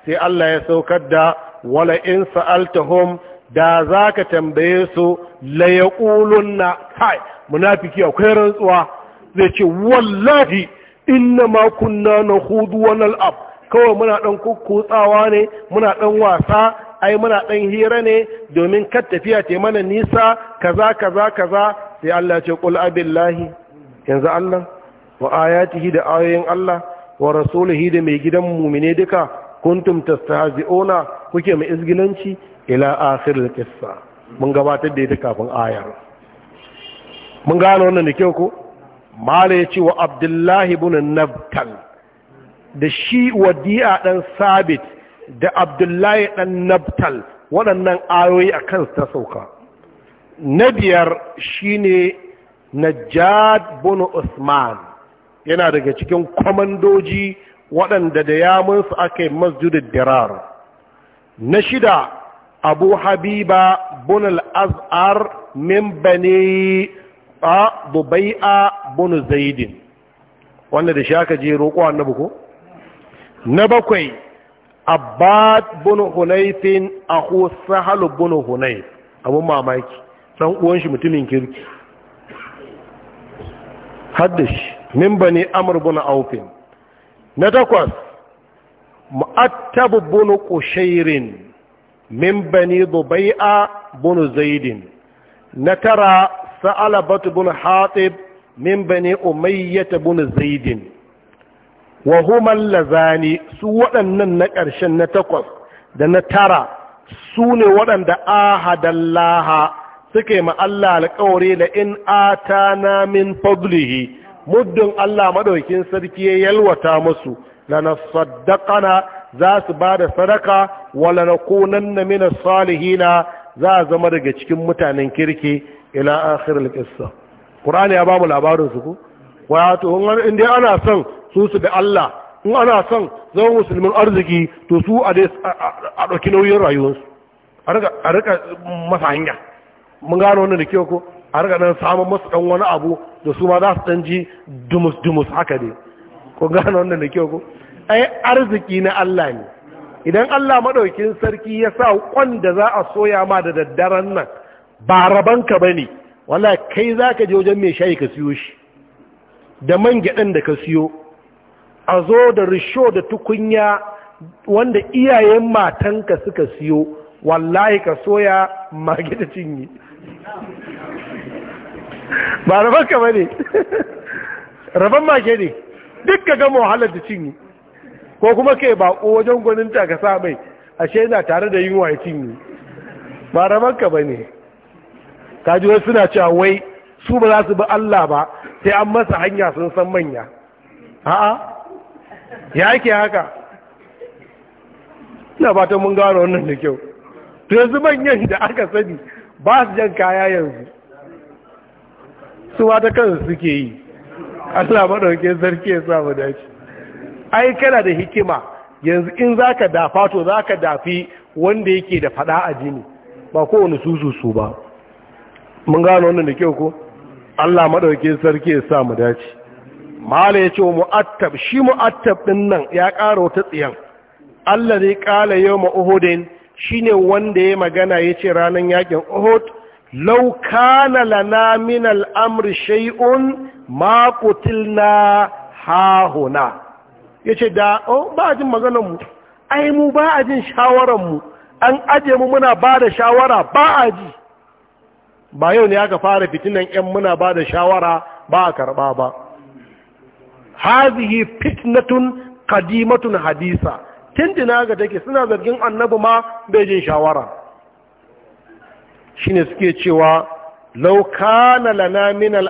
sai Allah ya saukar da wala in sa'altahum da zaka tambaye su la yaqulunna kai munafiki akwai rantsuwa zai ce wallahi inna ma kunna na hudu wa nal'ab kawai muna ɗan kukkutsawa ne muna ɗan wasa ai muna ɗan hira ne domin kar tafiya ta mana nisa kaza kaza kaza sai Allah ce qul abillahi yanzu Allah wa ayatihi da ayoyin Allah wa rasulihi da mai gidan mumine duka kuntum tastahzi'una kuke mai izgilanci ila akhir al mun gabatar da ita kafin ayar mun gano wannan da kyau ko mala ya ce wa abdullahi bin nabtal da shi wa wadi'a ɗan sabit da abdullahi ɗan nabtal waɗannan ayoyi a kansu ta sauka na biyar ne najjad bin usman yana daga cikin kwamandoji waɗanda da yamunsu aka yi masjidin dirar na shida abu habiba bin al'azhar min bane a bubai'a bunu zaidin wanda da shaka je roƙo annabi ko na bakwai abbad bunu a kusa halu bunu hunaif abun mamaki san uwan shi mutumin kirki haddashi min bani amr bunu aufin na takwas mu'attab bunu qushairin min bani dubai'a bunu zaidin na tara sa'alabat bin hatib min bani umayyata bin zaidin wa lazani su waɗannan na ƙarshen na takwas da na tara su ne waɗanda ahadallaha suke ma Allah alƙawari da in atana min fadlihi muddin Allah maɗaukin sarki ya yalwata musu lana saddaqana za su ba da sadaka wala na kunan na mina salihina za a zama daga cikin mutanen kirki ila akhir al-qissa qur'ani ya bamu labarin su ko wato in dai ana son su su bi Allah in ana son zama musulmin arziki to su a dai a dauki nauyin rayuwarsu a rika a rika masa hanya mun gano wannan da kyau ko a rika dan samun masa dan wani abu da su ma za su dan ji dumus dumus haka dai ko gano wannan da kyau ko ai arziki na Allah ne idan Allah madaukin sarki ya sa kwan da za a soya ma da daddaren nan ba rabanka ba ne wala kai za ka je wajen mai shayi ka siyo shi da man gyaɗan da ka siyo a zo da risho da tukunya wanda iyayen matanka suka siyo wallahi ka soya mage da cinye ba rabanka ba ne *laughs* raban mage ne duk ka gama wahalar da cinye ko kuma kai bako wajen gwaninta ka sa mai ashe yana tare da yunwa ya cinye ba rabanka ba ne kaji wasu suna cewa wai su ba za su bi Allah ba sai an masa hanya sun san manya a'a ya ke haka ina fatan mun gano wannan da kyau to yanzu manyan da aka sani ba su jan kaya yanzu su ba ta kansu suke yi Allah maɗauke sarki ya samu dace ai kana da hikima yanzu in zaka dafa to zaka dafi wanda yake da fada a jini ba kowane susu su ba mun gano wannan da kyau ko Allah madauke sarki ya sa mu dace mala yace attab shi mu'attab din nan ya ƙara wata tsiyan Allah zai kala yawma uhudin shine wanda ya magana yace ranan yakin uhud law kana lana min al-amri shay'un ma qutilna huna yace da oh ba jin maganar mu ai mu ba a jin shawaran mu an aje mu muna ba da shawara ba a ji ba yau ne aka fara fitinan yan muna ba da shawara ba a karɓa ba hazihi fitnatun kadimatun hadisa tindina ga take suna zargin annabi ma bai jin shawara shine suke cewa law kana lana min al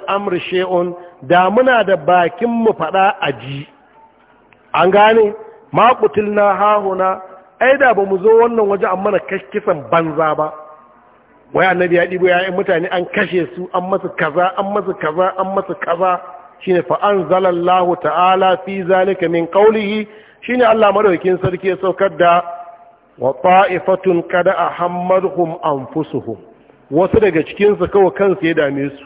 shay'un da muna da bakin mu fada aji an gane ma qutilna hahuna ai da mu zo wannan waje amma na kashkisan banza ba Waya annabi ya ɗibo ya'yan mutane an kashe su an masu kaza an masu kaza an masu kaza shine fa anzalallahu ta'ala fi zalika min qawlihi shine Allah madaukin sarki ya saukar da wa ta'ifatun kada ahammadhum anfusuhum wasu daga cikin su kawai kansu ya dame su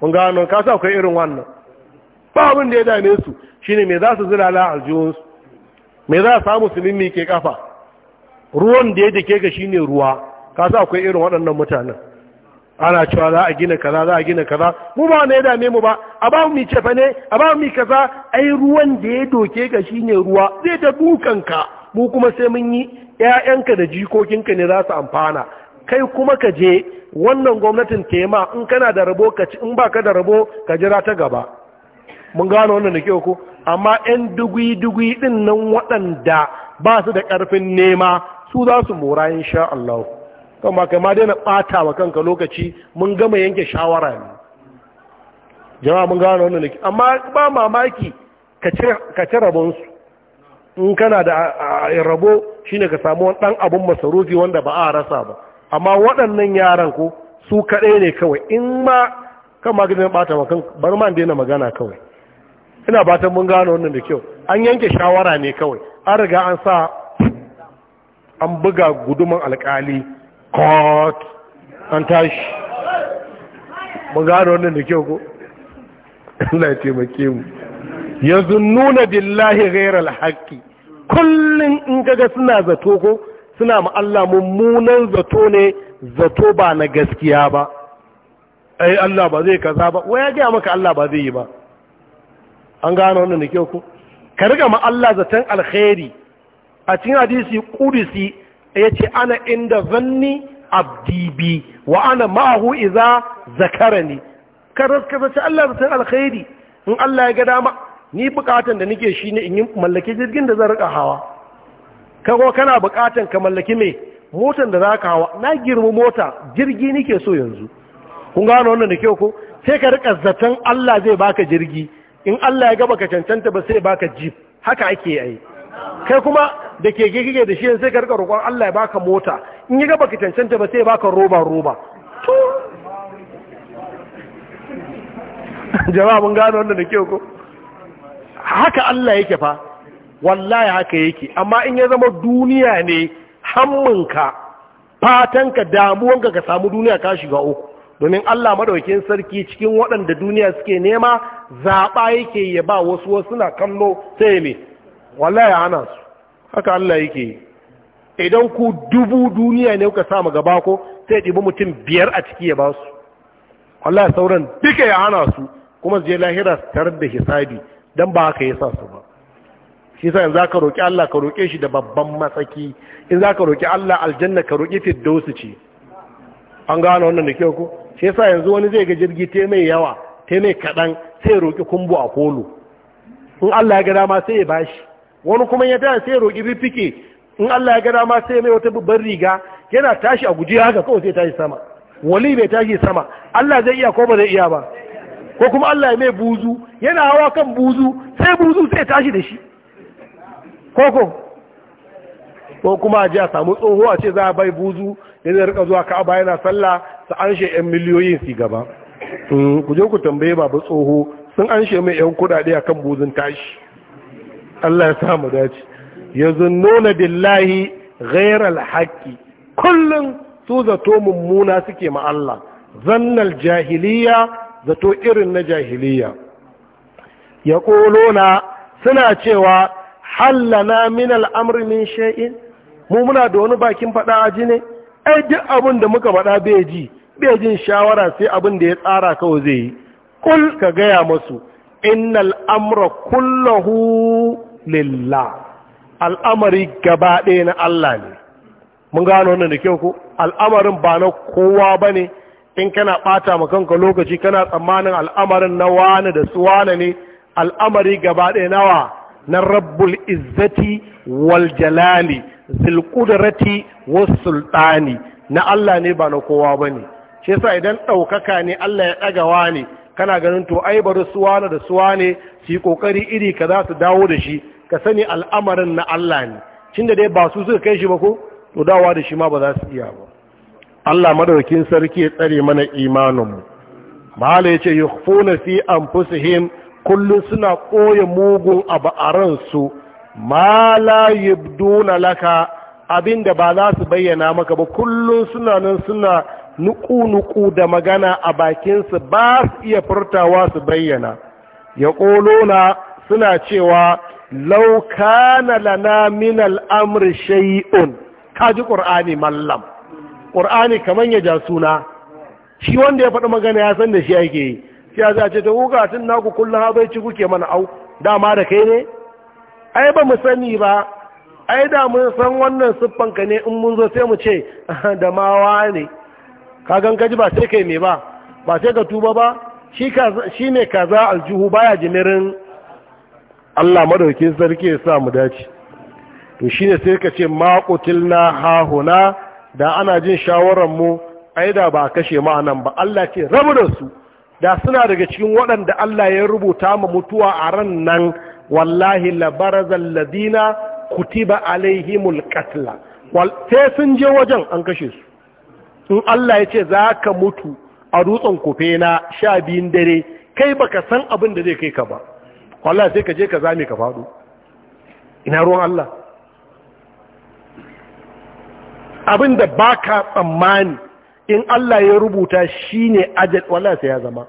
kun nan ka sa kai irin wannan ba abin da ya dame su shine me za su zulala aljihun su me za su samu su ke kafa ruwan da ya dake ga shine ruwa ka sa akwai irin waɗannan mutanen ana cewa za a gina kaza za a gina kaza mu ba ne dame mu ba a ba mu cefa ne a ba mu kaza ai ruwan da ya doke ka ne ruwa zai ta ka, mu kuma sai mun yi ƴaƴanka da jikokinka ne za su amfana kai kuma ka je wannan gwamnatin tema in kana da rabo ka ci in baka da rabo ka jira ta gaba mun gano wannan da kyau ko amma ƴan dugui-dugui ɗin nan waɗanda ba su da ƙarfin nema su za su mora insha Allah Kan ma kai ma daina ɓata wa kanka lokaci mun gama yanke shawara ne jama'a mun gano wannan ne amma ba mamaki ka ci rabonsu in kana da rabo shine ka samu wani ɗan abun masarufi wanda ba a rasa ba amma waɗannan yaran ko su kaɗai ne kawai in ma kan ma gidan ɓata kanka, bar ma daina magana kawai ina batan mun gano wannan da kyau an yanke shawara ne kawai an riga an sa an buga guduman alƙali kot an tashi mun gano wannan da kyau ko Allah ya taimake mu yanzu nuna billahi ghairal haqqi kullun in kaga suna zato ko suna ma Allah mummunan zato ne zato ba na gaskiya ba ai Allah ba zai kaza ba wai ya ga maka Allah ba zai yi ba an gano wannan da kyau ko ka riga ma Allah zaton alkhairi a cikin hadisi qudsi ya ce ana inda zanni abdibi wa ana ma'ahu iza zakara karas kasance Allah mutum alkhairi in Allah ya ga dama ni bukatan da nake shi ne in yi mallaki jirgin da zan rika hawa kago kana bukatan ka mallaki mai motan da za ka hawa na girma mota jirgi nake so yanzu kun gano wannan da kyau ko sai ka rika zaton Allah zai baka jirgi in Allah ya gaba ka cancanta ba sai baka jeep haka ake yi kai kuma da ke gigige da shi sai ka roƙon Allah ya baka mota in yi gaba ka cancanta ba sai baka roba roba *laughs* jama'a mun gano wanda da ke ko haka Allah yake fa wallahi haka yake amma in ya zama duniya ne hammunka fatanka damuwanka ka samu duniya ka shiga uku domin Allah madaukin sarki cikin waɗanda duniya suke nema zaɓa yake ya ba wasu wasu na kallo sai mai wallahi ana su haka Allah yake idan ku dubu duniya ne kuka sa gaba ko sai ɗibi mutum biyar a ciki ya ba su wallahi sauran duka ya hana su kuma je lahira tare da hisabi dan ba haka yasa su ba shi sai yanzu ka roki Allah ka roke shi da babban matsaki in ka roki Allah aljanna ka roki firdausi ce an gano wannan da kyau ko shi yasa yanzu wani zai ga jirgi te mai yawa te mai kadan sai roki kumbu a kolo in Allah ya ga dama sai ya bashi wani kuma ya da sai roƙi fiffike in Allah ya gada ma sai mai wata babban riga yana tashi a guji haka kawai sai tashi sama wali bai tashi sama Allah zai iya ko ba zai iya ba ko kuma Allah ya mai buzu yana hawa kan buzu sai buzu sai tashi da shi ko ko Ko kuma a ji a samu tsoho a ce za a bai buzu yana rika zuwa ka'aba yana sallah su an she yan miliyoyin su gaba hmm, ku je ku tambaye babu tsoho sun an she mai yan kuɗaɗe akan buzun tashi Allah ya sa mu dace yazunnuna billahi ghairal haqqi kullum su zato mummuna suke ma Allah zannal jahiliya zato irin na jahiliya ya ƙolona suna cewa hallana min al'amri min sha'in mu muna da wani bakin faɗa a jini. ne ai duk abin da muka faɗa bai ji bai jin shawara sai abin da ya tsara kawai zai yi kul ka gaya masu innal amra kullahu lillah al'amari gaba ɗaya na Allah ne mun gano wannan da kyau ko al'amarin ba na kowa ba ne in kana ɓata ma kanka lokaci kana tsammanin al'amarin na wane da su wane ne al'amari gaba ɗaya nawa na rabbul izzati wal jalali zil kudrati was sultani na Allah ne ba na kowa ba ne shi yasa idan ɗaukaka ne Allah ya ɗaga wani kana ganin to ai bari su wane da su wane su yi kokari iri kaza su dawo da shi ka sani al'amarin na Allah ne cinda dai ba su suka kai shi ba ko to dawa da shi ma ba za su iya ba Allah madaukin sarki ya tsare mana imanin mu mala yace yukhfuna fi anfusihim kullun suna koye mugun abu a ransu ma la duna laka abinda ba za su bayyana maka ba kullun suna nan suna nuku-nuku da magana a bakinsu ba su iya furtawa su bayyana ya na suna cewa law kana lana min al'amri shay'un kaji qur'ani mallam qur'ani kaman ya ja suna shi wanda ya faɗi magana ya san da shi ake yi sai ya ce ta kuka tun naku kullum ha bai ci kuke mana au dama da kai ne ai ba mu sani ba ai da mun san wannan ka ne in mun zo sai mu ce da mawa Ka gan gaji ba sai kai me ba ba sai ka tuba ba shi ne kaza aljuhu baya jimirin Allah madaukin sarki ya sa mu dace to shine sai kace ce ma qutilna hahuna da ana jin shawaran mu aida ba kashe ma nan ba Allah ce rabu da su da suna daga cikin waɗanda Allah ya rubuta ma mutuwa a ran nan wallahi labarazal ladina kutiba alaihimul qatla wal sai sun je wajen an kashe su in Allah ya ce za ka mutu a dutsen kufe na sha biyun dare kai baka san abin da zai kai ka ba Allah sai ka je ka zame ka faɗo ina ruwan Allah abin da ba ka tsammani in Allah ya rubuta shi ne ajal wallahi sai ya zama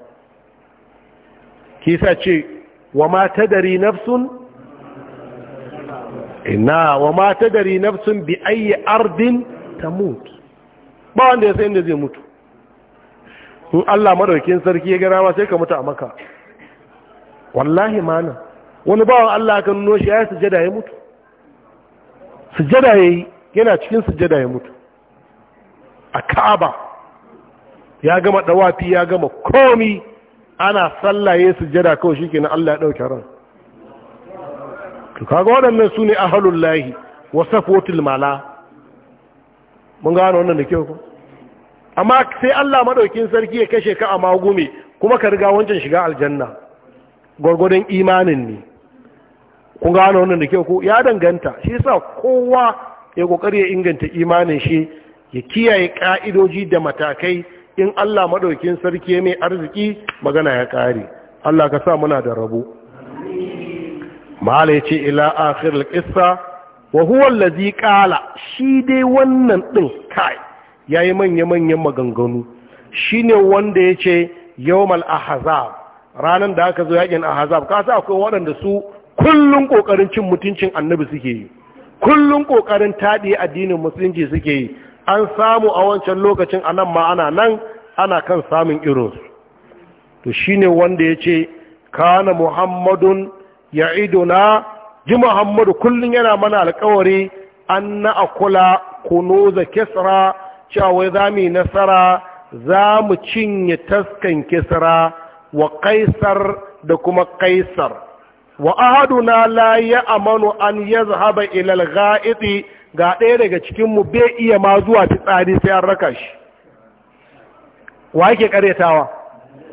kisa ce wa ma tadari nafsun ina wa ma tadari nafsun bi ayi ardin tamut ba wanda ya sai inda zai mutu in Allah madaukin sarki ya gara ma sai ka mutu a maka wallahi mana wani bawan Allah ka nuno shi ya sujada ya mutu sujada yi yana cikin sujada ya mutu a Ka'aba ya gama dawafi ya gama komi ana sallaye sujada kawai shi ke na Allah ya dauke ran to kaga waɗannan sune ahlul lahi wa safwatul mala mun gano wannan da kyau ku amma sai Allah madaukin sarki ya kashe ka a magume kuma ka riga wancan shiga aljanna gwargwadon imanin ne kun gano wannan da ke ku ya danganta shi sa kowa ya kokari ya inganta imanin shi ya kiyaye ka'idoji da matakai in Allah maɗaukin sarki mai arziki magana ya kare Allah ka sa muna da rabo mala ce ila akhir kisa, wa huwa allazi qala shi dai wannan din kai yayi manya manyan maganganu shine wanda yace yawmal ahzab ranar da aka zo yakin ahzab ka sa akwai waɗanda su kullun kokarin cin mutuncin annabi suke yi kullun kokarin taɗi addinin musulunci suke yi an samu a wancan lokacin anan ma ana nan ana kan samun irinsu to shine wanda ya ce kana muhammadun ya na ji muhammadu kullum yana mana alkawari an na akula kuno za kisra cewa za mu yi nasara za mu cinye taskan kisra wa kaisar da kuma kaisar wa ahaduna la ya amanu an ya zahaba ilal ga'idi ga ɗaya daga cikinmu bai iya ma zuwa fitsari sai an raka shi wa yake karyatawa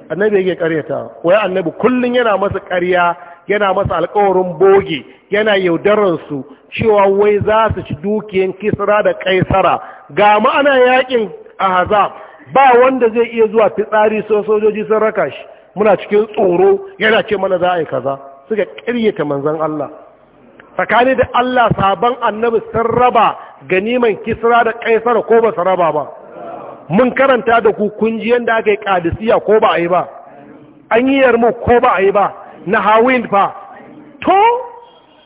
annabi yake karyatawa wai annabi kullum yana masa karya yana masa alkawarin boge yana yaudararsu cewa wai za su ci dukiyan kisra da kaisara ga ma'ana yakin ahazab ba wanda zai iya zuwa fitsari sun sojoji sun raka shi muna cikin tsoro yana ce mana za a yi kaza suka ƙiryata manzan Allah tsakani da Allah sabon annabi sun raba ganiman kisra da kaisara ko ba su raba ba mun karanta da ku kunjiyan da aka yi kadisiya ko ba a yi ba an yi yarmu ko ba a yi ba na hawin fa to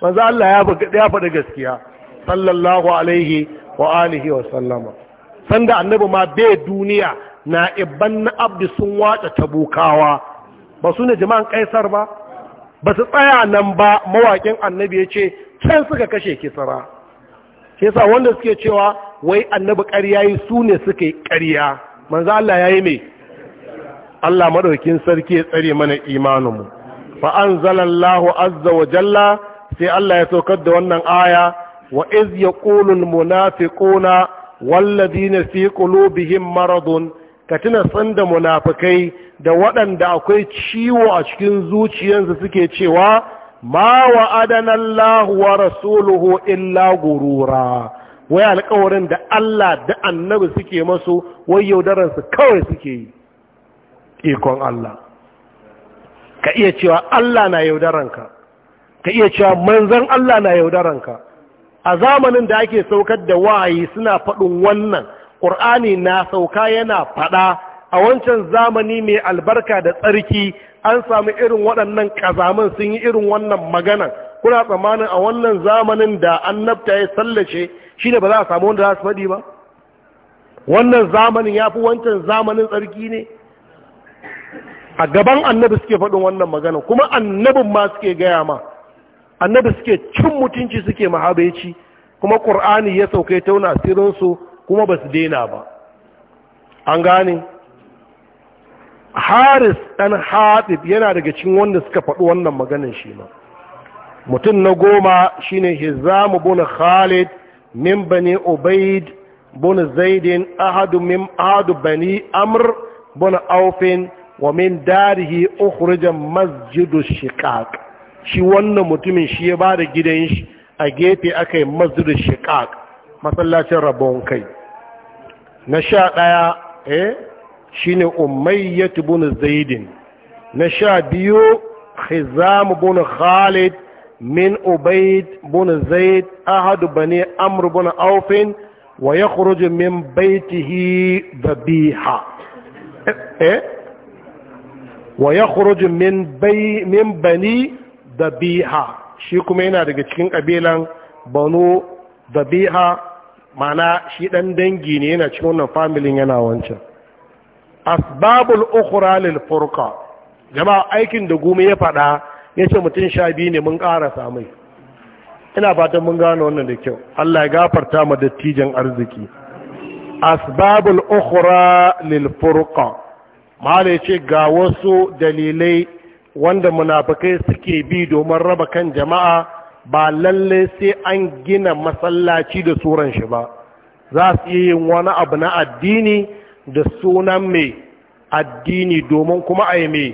manzan Allah ya faɗi gaskiya sallallahu alaihi wa alihi wa sallama sanda annabi ma bai duniya na ibban na abdi sun watsa tabukawa ba su ne jama'an kaisar ba ba su tsaya nan ba mawaƙin annabi ya ce can suka kashe kisara ke sa wanda suke cewa wai annabi ƙarya yi su ne suka yi ƙarya manzo Allah ya yi mai Allah maɗaukin sarki ya tsare mana imaninmu fa lahu azza wa jalla sai Allah ya saukar da wannan aya wa iz yaqulu almunafiquna walladhina fi qulubihim maradun ka tuna sanda munafukai da waɗanda akwai ciwo a cikin zuciyarsu suke cewa ma wa adanallahu wa rasuluhu illa gurura wai alƙawarin da Allah da annabi suke masu wai yaudararsu kawai suke yi ikon Allah ka iya cewa Allah na yaudaranka ka iya cewa manzan Allah na yaudaranka a zamanin da ake saukar da wa'ayi suna faɗin wannan ƙur'ani na sauka yana faɗa a wancan zamani mai albarka da tsarki an sami irin waɗannan ƙazamin sun yi irin wannan magana kuna tsammanin a wannan zamanin da annabta ya sallace shi ne ba za a samu wanda za su faɗi ba wannan zamanin ya fi wancan zamanin tsarki ne a gaban annabi suke faɗin wannan magana kuma annabin ma suke gaya ma annabi suke cin mutunci suke mahabaici kuma ƙur'ani ya sauke tauna asirinsu kuma ba su daina ba an gane haris ɗan haɗif yana daga cikin wanda suka faɗi wannan maganin shi ma mutum na goma shine hizamu bin khalid min bani ubaid bin zaidin ahadu min ahadu bani amr bin aufin wa min darihi ukhrijan masjidu shiqaq shi wannan mutumin shi ya bada gidan shi a gefe akai masjidu shiqaq masallacin rabon kai na sha ɗaya eh shi ne umayyatu bin zaidin na sha biyu khizam bin khalid min ubaid bin zaid ahadu bani amr bin aufin wa ya min baitihi dabiha eh, eh wa ya min min bani dabiha shi kuma yana daga cikin ƙabilan banu dabiha Ma'ana shi ɗan dangi ne yana cikin wannan familin yana wancan asbabul ukhra lil furqa jama'a aikin da gumi ya faɗa ya ce mutum sha biyu ne mun ƙarasa mai ina fatan mun gano wannan da kyau Allah ya gafarta ma dattijan arziki asbabul ukhra lil furqa mala yace ga wasu dalilai wanda munafikai suke bi domin raba kan jama'a ba lalle sai an gina masallaci da suran shi ba za su yi yin wani abu na addini da sunan mai addini domin kuma a yi mai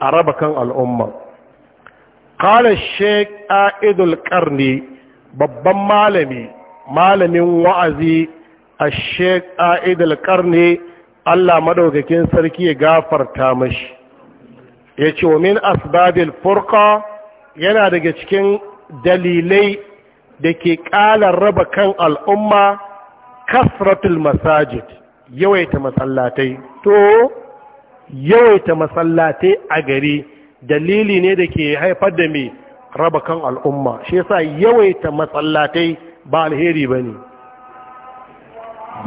a raba kan al'umma kala sheik a'idul ne babban malami malamin wa'azi a sheik a'idul ƙarni allah maɗaukakin sarki ya gafarta mashi ya ce wa min asibabin furka yana daga cikin dalilai da ke ƙalar raba kan al'umma kasratul masajid yawaita masallatai to yawaita masallatai a gari dalili ne da ke haifar da mai raba kan al'umma shi yasa yawaita masallatai ba alheri ba ne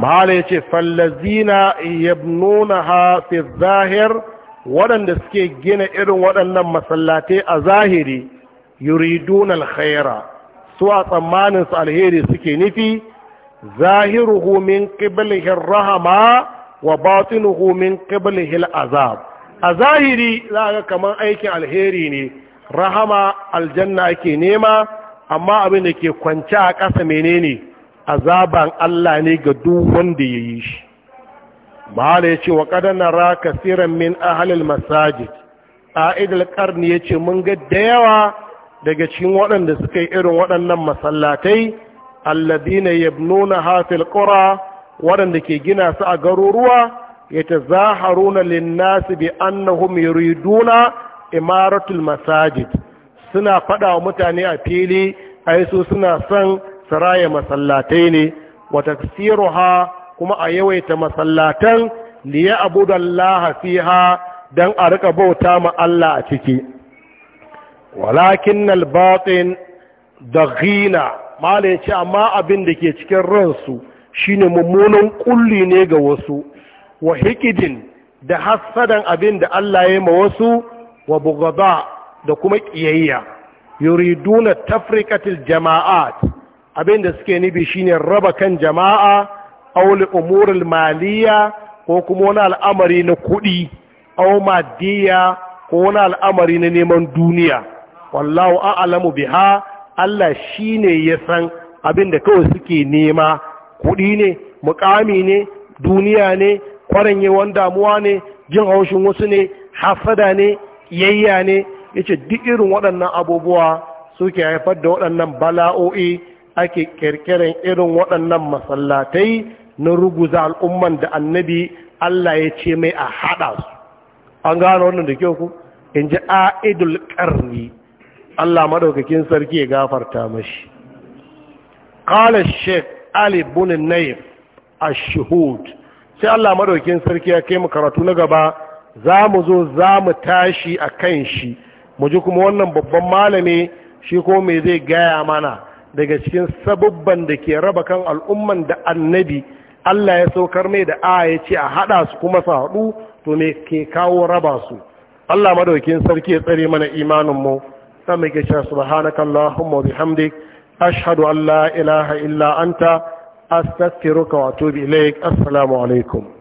mahala ya ce fallazina yabnuna ha fi zahir waɗanda suke gina irin waɗannan masallatai a zahiri yuridun alkhaira su a tsammanin su alheri suke nufi zahiruhu min qiblihi rahama wa batinuhu min qiblihi azab a zahiri za ga kaman aikin alheri ne rahama aljanna ake nema amma abin da ke kwance a ƙasa menene azaban Allah ne ga duk wanda ya yi shi mahala ya ce wa ƙadana ra kasiran min ahalil masajid a idil ƙarni ya ce mun ga da yawa daga cikin waɗanda suka yi irin waɗannan masallatai alladina yabnuna hafil qura waɗanda ke gina su a garuruwa yatazaharuna lin-nasi bi annahum yuriduna imaratul masajid suna faɗa wa mutane a fili ai su suna son saraya masallatai ne wa tafsiruha kuma a yawaita masallatan liya abudallaha fiha dan a rika bauta ma Allah a ciki walakin albatin da ghina mala ya ce amma abin da ke cikin ransu shine mummunan kulli ne ga wasu wa hikidin da hassadan abin da Allah ya ma wasu wa bugaba da kuma kiyayya yuriduna tafrikatil jama'at abin da suke nibi shine raba kan jama'a auli umuril maliya ko kuma wani al'amari na kuɗi aw madiya ko wani al'amari na neman duniya wallahu a'lamu biha Allah shine ya san abin da kawai suke nema kuɗi ne mukami ne duniya ne wanda damuwa ne jin haushin wasu ne hasada ne yayya ne yace duk irin waɗannan abubuwa suke haifar da waɗannan bala'o'i ake kirkiran irin waɗannan masallatai na ruguza al'umman da annabi Allah ya ce mai a haɗa su an gano wannan da kyau ku in ji a'idul ƙarni Allah maɗaukakin sarki ya gafarta mashi qala sheikh ali bun nayf ash-shuhud sai Allah madaukakin sarki ya kai mu karatu na gaba za mu zo za mu tashi akan shi mu ji kuma wannan babban malami shi ko me zai gaya mana daga cikin sabubban da ke raba kan al'umman da annabi Allah ya saukar mai da aya ce a haɗa su kuma su haɗu to me ke kawo raba su Allah maɗaukakin sarki ya tsare mana imanin mu sai mai gaishe subhanakallahumma wa bihamdik ashhadu an la ilaha illa anta astaghfiruka wa atubu ilaik assalamu alaikum